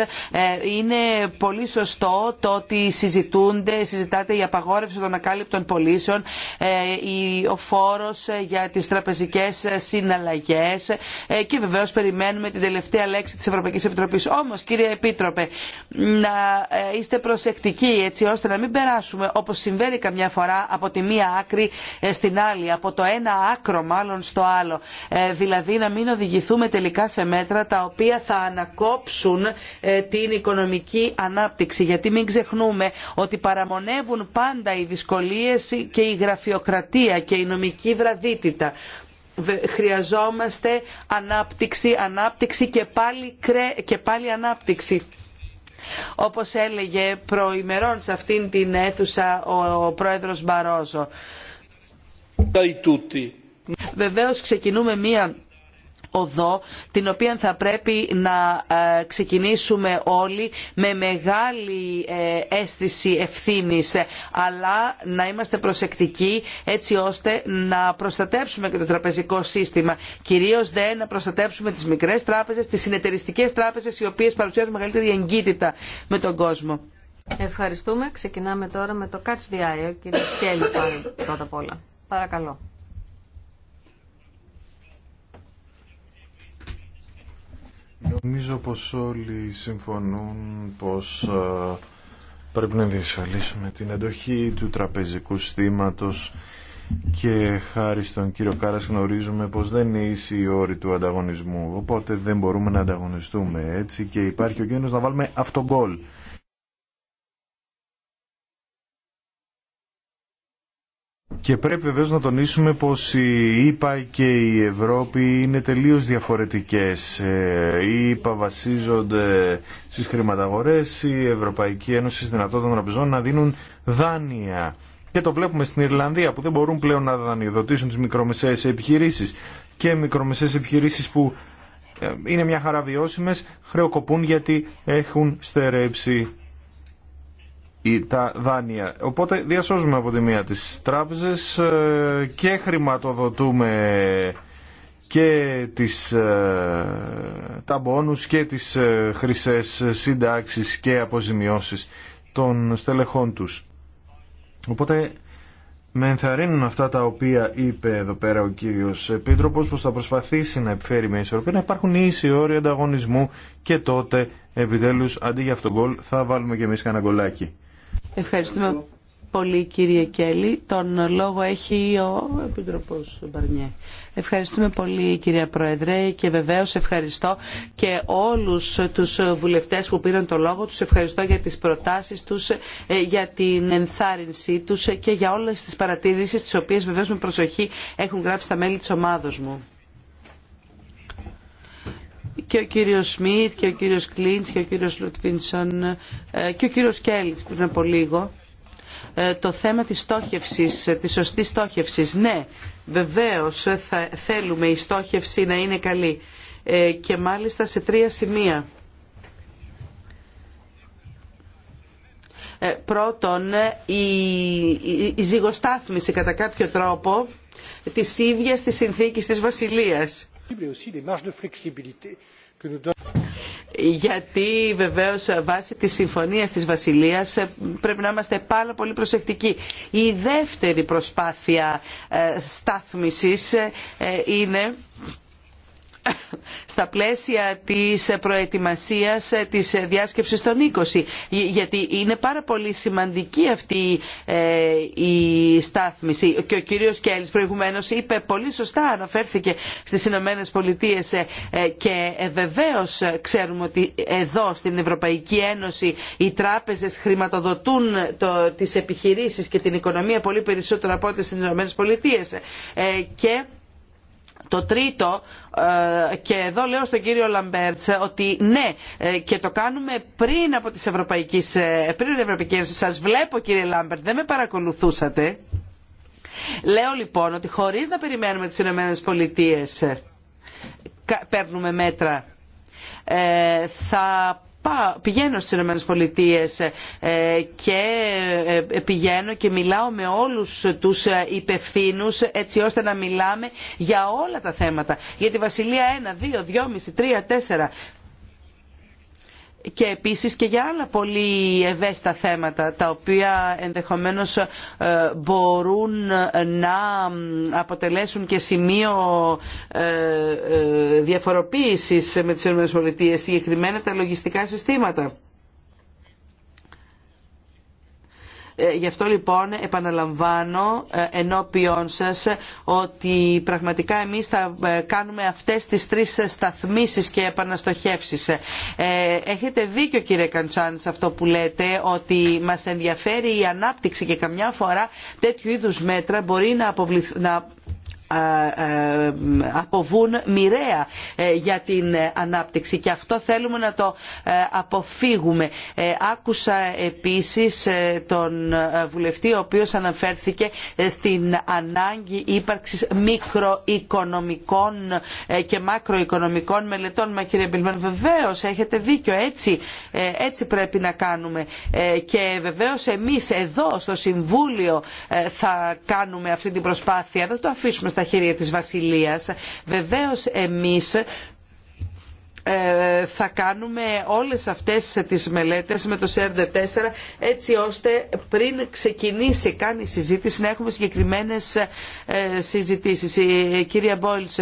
είναι πολύ σωστό το ότι συζητούνται, συζητάται η απαγόρευση των ακάλυπτων πωλήσεων ο φόρος για τις τραπεζικές συναλλαγές και βεβαίως περιμένουμε την τελευταία λέξη της Ευρωπαϊκής Επιτροπής. Όμως κύριε Επίτροπε να είστε προσεκτικοί έτσι ώστε να μην περάσουμε περάσουμε όπως συμβαίνει καμιά φορά από τη μία άκρη ε, στην άλλη από το ένα άκρο μάλλον στο άλλο ε, δηλαδή να μην οδηγηθούμε τελικά σε μέτρα τα οποία θα ανακόψουν ε, την οικονομική ανάπτυξη γιατί μην ξεχνούμε ότι παραμονεύουν πάντα οι δυσκολίες και η γραφειοκρατία και η νομική βραδύτητα χρειαζόμαστε ανάπτυξη ανάπτυξη και πάλι, και πάλι ανάπτυξη όπως έλεγε προημερών σε αυτήν την αίθουσα ο πρόεδρος Μπαρόζο. Βεβαίως ξεκινούμε μία οδό την οποία θα πρέπει να ε, ξεκινήσουμε όλοι με μεγάλη ε, αίσθηση ευθύνης ε, αλλά να είμαστε προσεκτικοί έτσι ώστε να προστατεύσουμε και το τραπεζικό σύστημα κυρίως δε να προστατεύσουμε τις μικρές τράπεζες, τις συνεταιριστικές τράπεζες οι οποίες παρουσιάζουν μεγαλύτερη εγκύτητα με τον κόσμο. Ευχαριστούμε. Ξεκινάμε τώρα με το Catch the Eye. Ο πάλι πρώτα απ' όλα. Παρακαλώ. Νομίζω πως όλοι συμφωνούν πως πρέπει να διασφαλίσουμε την εντοχή του τραπεζικού στήματος και χάρη στον κύριο Κάρας γνωρίζουμε πως δεν είναι ίση η του ανταγωνισμού οπότε δεν μπορούμε να ανταγωνιστούμε έτσι και υπάρχει ο κίνδυνος να βάλουμε αυτογκόλ Και πρέπει βεβαίως να τονίσουμε πως η ΕΠΑ και η Ευρώπη είναι τελείως διαφορετικές. Ε, η ΕΠΑ βασίζονται στις χρηματαγορές, η Ευρωπαϊκή Ένωση στις των τραπεζών να δίνουν δάνεια. Και το βλέπουμε στην Ιρλανδία που δεν μπορούν πλέον να δανειοδοτήσουν τις μικρομεσαίες επιχειρήσεις. Και μικρομεσαίες επιχειρήσεις που ε, είναι μια χαρά βιώσιμες χρεοκοπούν γιατί έχουν στερέψει τα δάνεια. Οπότε διασώζουμε από τη μία τις τράπεζες ε, και χρηματοδοτούμε και τις, ε, τα μπόνους και τις ε, χρυσές συντάξεις και αποζημιώσεις των στελεχών τους. Οπότε με ενθαρρύνουν αυτά τα οποία είπε εδώ πέρα ο κύριος Επίτροπος πως θα προσπαθήσει να επιφέρει μια ισορροπία να υπάρχουν ίσοι όροι ανταγωνισμού και τότε επιτέλους αντί για αυτόν κολ θα βάλουμε και εμείς κανένα γκολάκι. Ευχαριστούμε πολύ κύριε Κέλλη. Τον λόγο έχει ο Επιτροπός Μπαρνιέ. Ευχαριστούμε πολύ κυρία Πρόεδρε και βεβαίως ευχαριστώ και όλους τους βουλευτές που πήραν το λόγο. Τους ευχαριστώ για τις προτάσεις τους, ε, για την ενθάρρυνσή τους και για όλες τις παρατηρήσεις τις οποίες βεβαίως με προσοχή έχουν γράψει τα μέλη της ομάδος μου και ο κύριος Σμιτ και ο κύριος Κλίντς και ο κύριος Λουτφίνσον ε, και ο κύριος Κέλλης πριν από λίγο ε, το θέμα της στόχευσης, ε, της σωστής στόχευσης. Ναι, βεβαίως θα θέλουμε η στόχευση να είναι καλή και μάλιστα σε τρία σημεία. Πρώτον, η ζυγοστάθμιση κατά κάποιο τρόπο της ίδιας της συνθήκης της Βασιλείας γιατί βεβαίω, βάσει της συμφωνίας της Βασιλείας πρέπει να είμαστε πάρα πολύ προσεκτικοί. Η δεύτερη προσπάθεια ε, στάθμισης ε, είναι στα πλαίσια της προετοιμασίας της διάσκεψης των 20 γιατί είναι πάρα πολύ σημαντική αυτή ε, η στάθμιση και ο κύριος Κέλλης προηγουμένως είπε πολύ σωστά αναφέρθηκε στις Ηνωμένε Πολιτείε ε, και ε, βεβαίω ξέρουμε ότι εδώ στην Ευρωπαϊκή Ένωση οι τράπεζες χρηματοδοτούν το, τις επιχειρήσεις και την οικονομία πολύ περισσότερο από ό,τι στις Ηνωμένε Πολιτείε και το τρίτο, ε, και εδώ λέω στον κύριο Λαμπέρτς, ότι ναι, ε, και το κάνουμε πριν από τις Ευρωπαϊκές, ε, πριν την Ευρωπαϊκή Ένωση. Σας βλέπω κύριε Λάμπερτ, δεν με παρακολουθούσατε. Λέω λοιπόν ότι χωρίς να περιμένουμε τις Ηνωμένες Πολιτείες, παίρνουμε μέτρα θα πηγαίνω στις Ηνωμένες Πολιτείες ε, και ε, ε, πηγαίνω και μιλάω με όλους τους υπευθύνου έτσι ώστε να μιλάμε για όλα τα θέματα. Για τη Βασιλεία 1, 2, 2,5, 3, 4 και επίσης και για άλλα πολύ ευαίσθητα θέματα τα οποία ενδεχομένως ε, μπορούν να αποτελέσουν και σημείο ε, ε, διαφοροποίησης με τις ΗΠΑ συγκεκριμένα τα λογιστικά συστήματα Ε, γι' αυτό λοιπόν επαναλαμβάνω ε, ενώπιον σας ότι πραγματικά εμείς θα ε, κάνουμε αυτές τις τρεις σταθμίσεις και επαναστοχεύσεις. Έχετε δίκιο κύριε Καντσάν σε αυτό που λέτε ότι μας ενδιαφέρει η ανάπτυξη και καμιά φορά τέτοιου είδους μέτρα μπορεί να, αποβληθούν. να ε, ε, αποβούν μοιραία ε, για την ανάπτυξη και αυτό θέλουμε να το αποφύγουμε. Άκουσα επίσης τον βουλευτή ο οποίος αναφέρθηκε στην ανάγκη ύπαρξης μικροοικονομικών και μακροοικονομικών μελετών. Μα κύριε Μπιλμαν βεβαίως έχετε δίκιο έτσι, έτσι πρέπει να κάνουμε και βεβαίως εμείς εδώ στο Συμβούλιο θα κάνουμε αυτή την προσπάθεια. Δεν το αφήσουμε στα χέρια της Βασιλείας. Βεβαίως εμείς ε, θα κάνουμε όλες αυτές τις μελέτες με το CRD4 έτσι ώστε πριν ξεκινήσει καν η συζήτηση να έχουμε συγκεκριμένες ε, συζητήσεις. Η ε, κυρία Μπόιλς,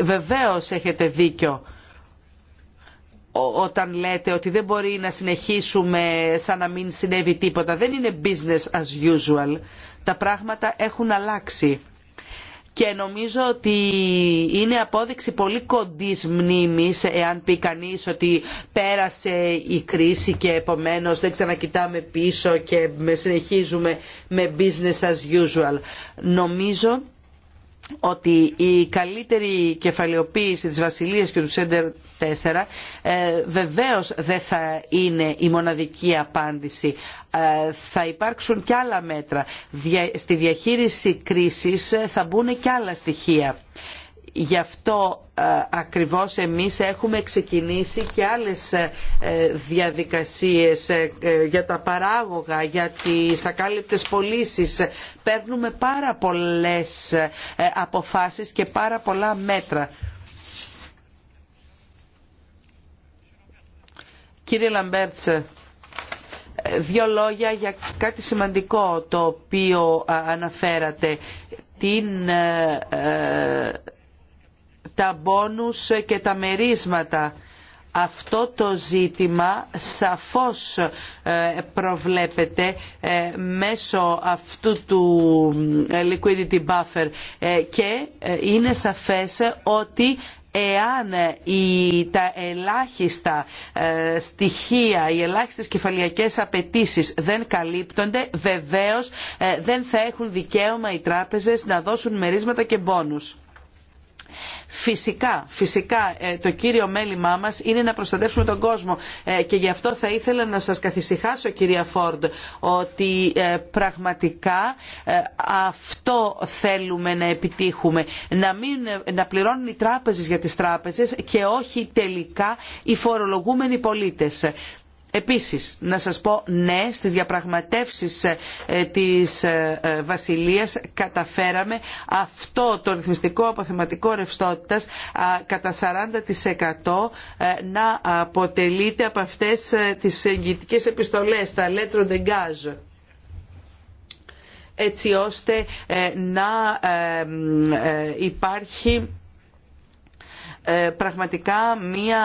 βεβαίως έχετε δίκιο όταν λέτε ότι δεν μπορεί να συνεχίσουμε σαν να μην συνέβη τίποτα. Δεν είναι business as usual. Τα πράγματα έχουν αλλάξει και νομίζω ότι είναι απόδειξη πολύ κοντής μνήμης εάν πει κανεί ότι πέρασε η κρίση και επομένως δεν ξανακοιτάμε πίσω και συνεχίζουμε με business as usual. Νομίζω ότι η καλύτερη κεφαλαιοποίηση της Βασιλείας και του Σέντερ 4 ε, βεβαίως δεν θα είναι η μοναδική απάντηση. Ε, θα υπάρξουν και άλλα μέτρα. Στη διαχείριση κρίσης ε, θα μπουν και άλλα στοιχεία Γι' αυτό ε, ακριβώς εμείς έχουμε ξεκινήσει και άλλες ε, διαδικασίες ε, για τα παράγωγα, για τις ακάλυπτες πωλήσει. Παίρνουμε πάρα πολλές αποφάσεις και πάρα πολλά μέτρα. Κύριε Λαμπέρτσε, δύο λόγια για κάτι σημαντικό το οποίο αναφέρατε. Την τα μπόνους και τα μερίσματα. Αυτό το ζήτημα σαφώς ε, προβλέπεται ε, μέσω αυτού του ε, liquidity buffer και είναι σαφές ότι εάν η, τα ελάχιστα στοιχεία, οι ελάχιστες κεφαλιακές απαιτήσει δεν καλύπτονται, βεβαίως δεν θα έχουν δικαίωμα οι τράπεζες να δώσουν μερίσματα και μπόνους. Φυσικά, φυσικά ε, το κύριο μέλημά μα είναι να προστατεύσουμε τον κόσμο ε, και γι' αυτό θα ήθελα να σας καθησυχάσω κυρία Φόρντ ότι ε, πραγματικά αυτό θέλουμε να επιτύχουμε. Να, μην, να πληρώνουν οι τράπεζες για τι τράπεζε και όχι τελικά οι φορολογούμενοι πολίτες Επίσης, να σας πω ναι, στις διαπραγματεύσεις ε, της ε, ε, Βασιλείας καταφέραμε αυτό το ρυθμιστικό αποθεματικό ρευστότητας κατά 40% να αποτελείται από αυτές τις εγγυητικές επιστολές, τα lettre de έτσι ώστε να υπάρχει ε, πραγματικά μια,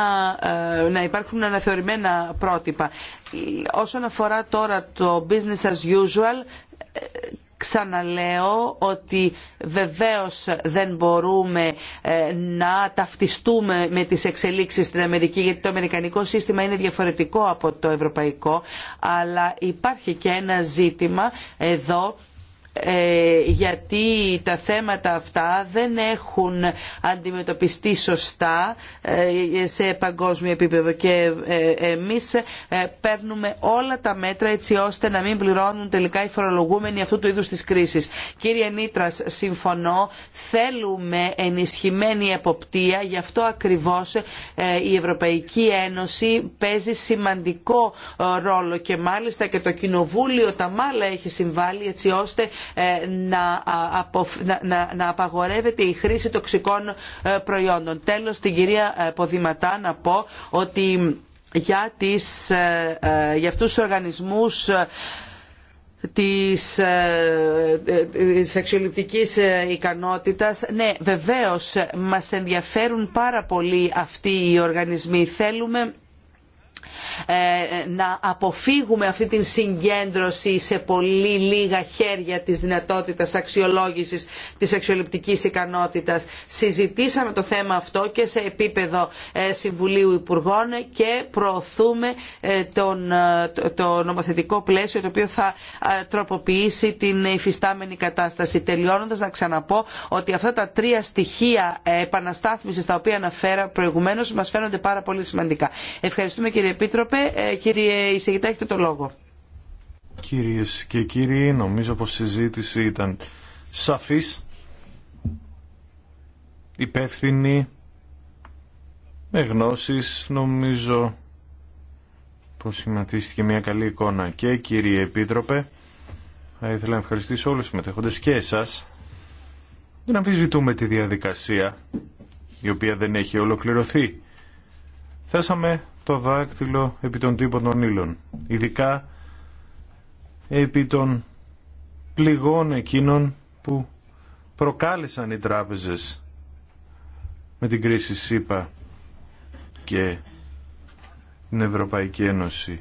ε, να υπάρχουν αναθεωρημένα πρότυπα. Ε, όσον αφορά τώρα το business as usual, ξαναλέω ότι βεβαίως δεν μπορούμε να ταυτιστούμε με τις εξελίξεις στην αμερική γιατί το αμερικανικό σύστημα είναι διαφορετικό από το ευρωπαϊκό αλλά υπάρχει και ένα ζήτημα εδώ ε, γιατί τα θέματα αυτά δεν έχουν αντιμετωπιστεί σωστά ε, σε παγκόσμιο επίπεδο και ε, εμείς παίρνουμε όλα τα μέτρα έτσι ώστε να μην πληρώνουν τελικά οι φορολογούμενοι αυτού του είδους της κρίσης. Κύριε Νίτρας, συμφωνώ, θέλουμε ενισχυμένη εποπτεία, γι' αυτό ακριβώς η Ευρωπαϊκή Ένωση παίζει σημαντικό ρόλο και μάλιστα και το Κοινοβούλιο τα μάλα έχει συμβάλει έτσι ώστε ε, να απαγορεύεται η χρήση τοξικών ε, προϊόντων. Τέλος, την κυρία ε, Ποδηματά να πω ότι για, τις, για αυτούς τους οργανισμούς της, της ικανότητας. Ναι, βεβαίως μας ενδιαφέρουν πάρα πολύ αυτοί οι οργανισμοί. Θέλουμε ε, να αποφύγουμε αυτή την συγκέντρωση σε πολύ λίγα χέρια της δυνατότητας αξιολόγησης της αξιοληπτικής ικανότητας. Συζητήσαμε το θέμα αυτό και σε επίπεδο ε, Συμβουλίου Υπουργών και προωθούμε ε, τον, το νομοθετικό πλαίσιο το οποίο θα τροποποιήσει την υφιστάμενη κατάσταση. Τελειώνοντας να ξαναπώ ότι αυτά τα τρία στοιχεία επαναστάθμισης τα οποία αναφέρα προηγουμένως μας φαίνονται πάρα πολύ σημαντικά. Ευχαριστούμε κύριε Πίτρο Επίτροπε. Ε, κύριε έχετε το λόγο. Κυρίες και κύριοι, νομίζω πως η συζήτηση ήταν σαφής, υπεύθυνη, με γνώσεις, νομίζω πως σχηματίστηκε μια καλή εικόνα. Και κύριε Επίτροπε, θα ήθελα να ευχαριστήσω όλους τους μετεχόντες και εσάς. Δεν αμφισβητούμε τη διαδικασία, η οποία δεν έχει ολοκληρωθεί θέσαμε το δάκτυλο επί των τύπων των ήλων. ειδικά επί των πληγών εκείνων που προκάλεσαν οι τράπεζες με την κρίση ΣΥΠΑ και την Ευρωπαϊκή Ένωση.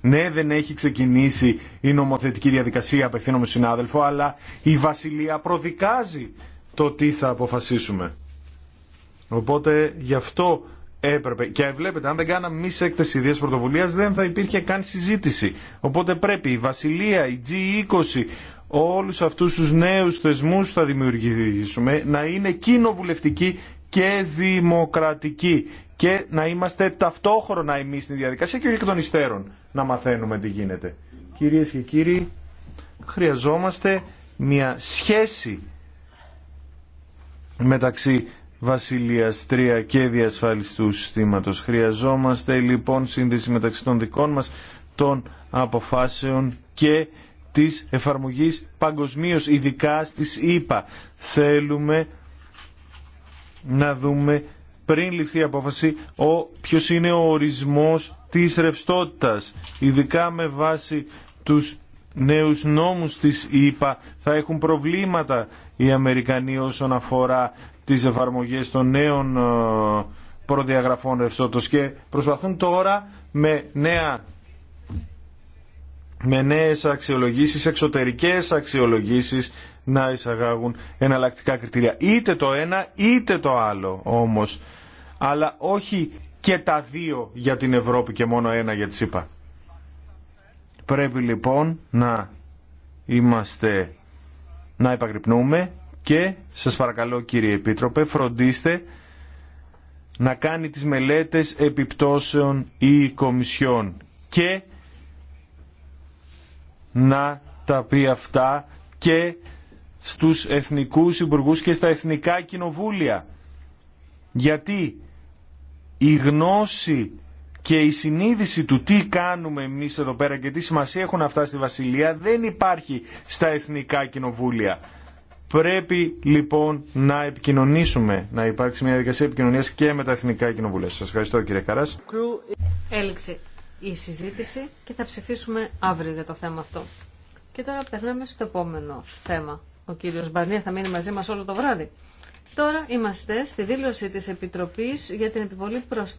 Ναι, δεν έχει ξεκινήσει η νομοθετική διαδικασία, απευθύνομαι συνάδελφο, αλλά η Βασιλεία προδικάζει το τι θα αποφασίσουμε. Οπότε γι' αυτό έπρεπε. Και βλέπετε, αν δεν κάναμε εμεί έκθεση ιδέα πρωτοβουλία, δεν θα υπήρχε καν συζήτηση. Οπότε πρέπει η Βασιλεία, η G20, όλου αυτού του νέου θεσμού που θα δημιουργήσουμε να είναι κοινοβουλευτικοί και δημοκρατικοί και να είμαστε ταυτόχρονα εμεί στην διαδικασία και όχι εκ των υστέρων να μαθαίνουμε τι γίνεται. Κυρίε και κύριοι, χρειαζόμαστε μια σχέση μεταξύ Βασιλείας 3 και διασφάλιστου Συστήματο. συστήματος. Χρειαζόμαστε λοιπόν σύνδεση μεταξύ των δικών μας των αποφάσεων και της εφαρμογής παγκοσμίως, ειδικά στις ΗΠΑ. Θέλουμε να δούμε πριν ληφθεί η απόφαση ο, ποιος είναι ο ορισμός της ρευστότητα, ειδικά με βάση τους νέους νόμους της ΗΠΑ θα έχουν προβλήματα οι Αμερικανοί όσον αφορά τις εφαρμογές των νέων ε, προδιαγραφών ρευστότητος και προσπαθούν τώρα με νέα με νέες αξιολογήσεις, εξωτερικές αξιολογήσεις να εισαγάγουν εναλλακτικά κριτήρια. Είτε το ένα είτε το άλλο όμως, αλλά όχι και τα δύο για την Ευρώπη και μόνο ένα για τη ΣΥΠΑ. Πρέπει λοιπόν να είμαστε, να επαγρυπνούμε και σας παρακαλώ κύριε Επίτροπε φροντίστε να κάνει τις μελέτες επιπτώσεων ή κομισιών και να τα πει αυτά και στους εθνικούς υπουργούς και στα εθνικά κοινοβούλια. Γιατί η γνώση και η συνείδηση του τι κάνουμε εμείς εδώ πέρα και τι σημασία έχουν αυτά στη Βασιλεία δεν υπάρχει στα εθνικά κοινοβούλια. Πρέπει λοιπόν να επικοινωνήσουμε, να υπάρξει μια διαδικασία επικοινωνία και με τα εθνικά κοινοβουλία. Σα ευχαριστώ κύριε Καρά. Έληξε η συζήτηση και θα ψηφίσουμε αύριο για το θέμα αυτό. Και τώρα περνάμε στο επόμενο θέμα. Ο κύριο Μπαρνία θα μείνει μαζί μα όλο το βράδυ. Τώρα είμαστε στη δήλωση τη Επιτροπή για την επιβολή προ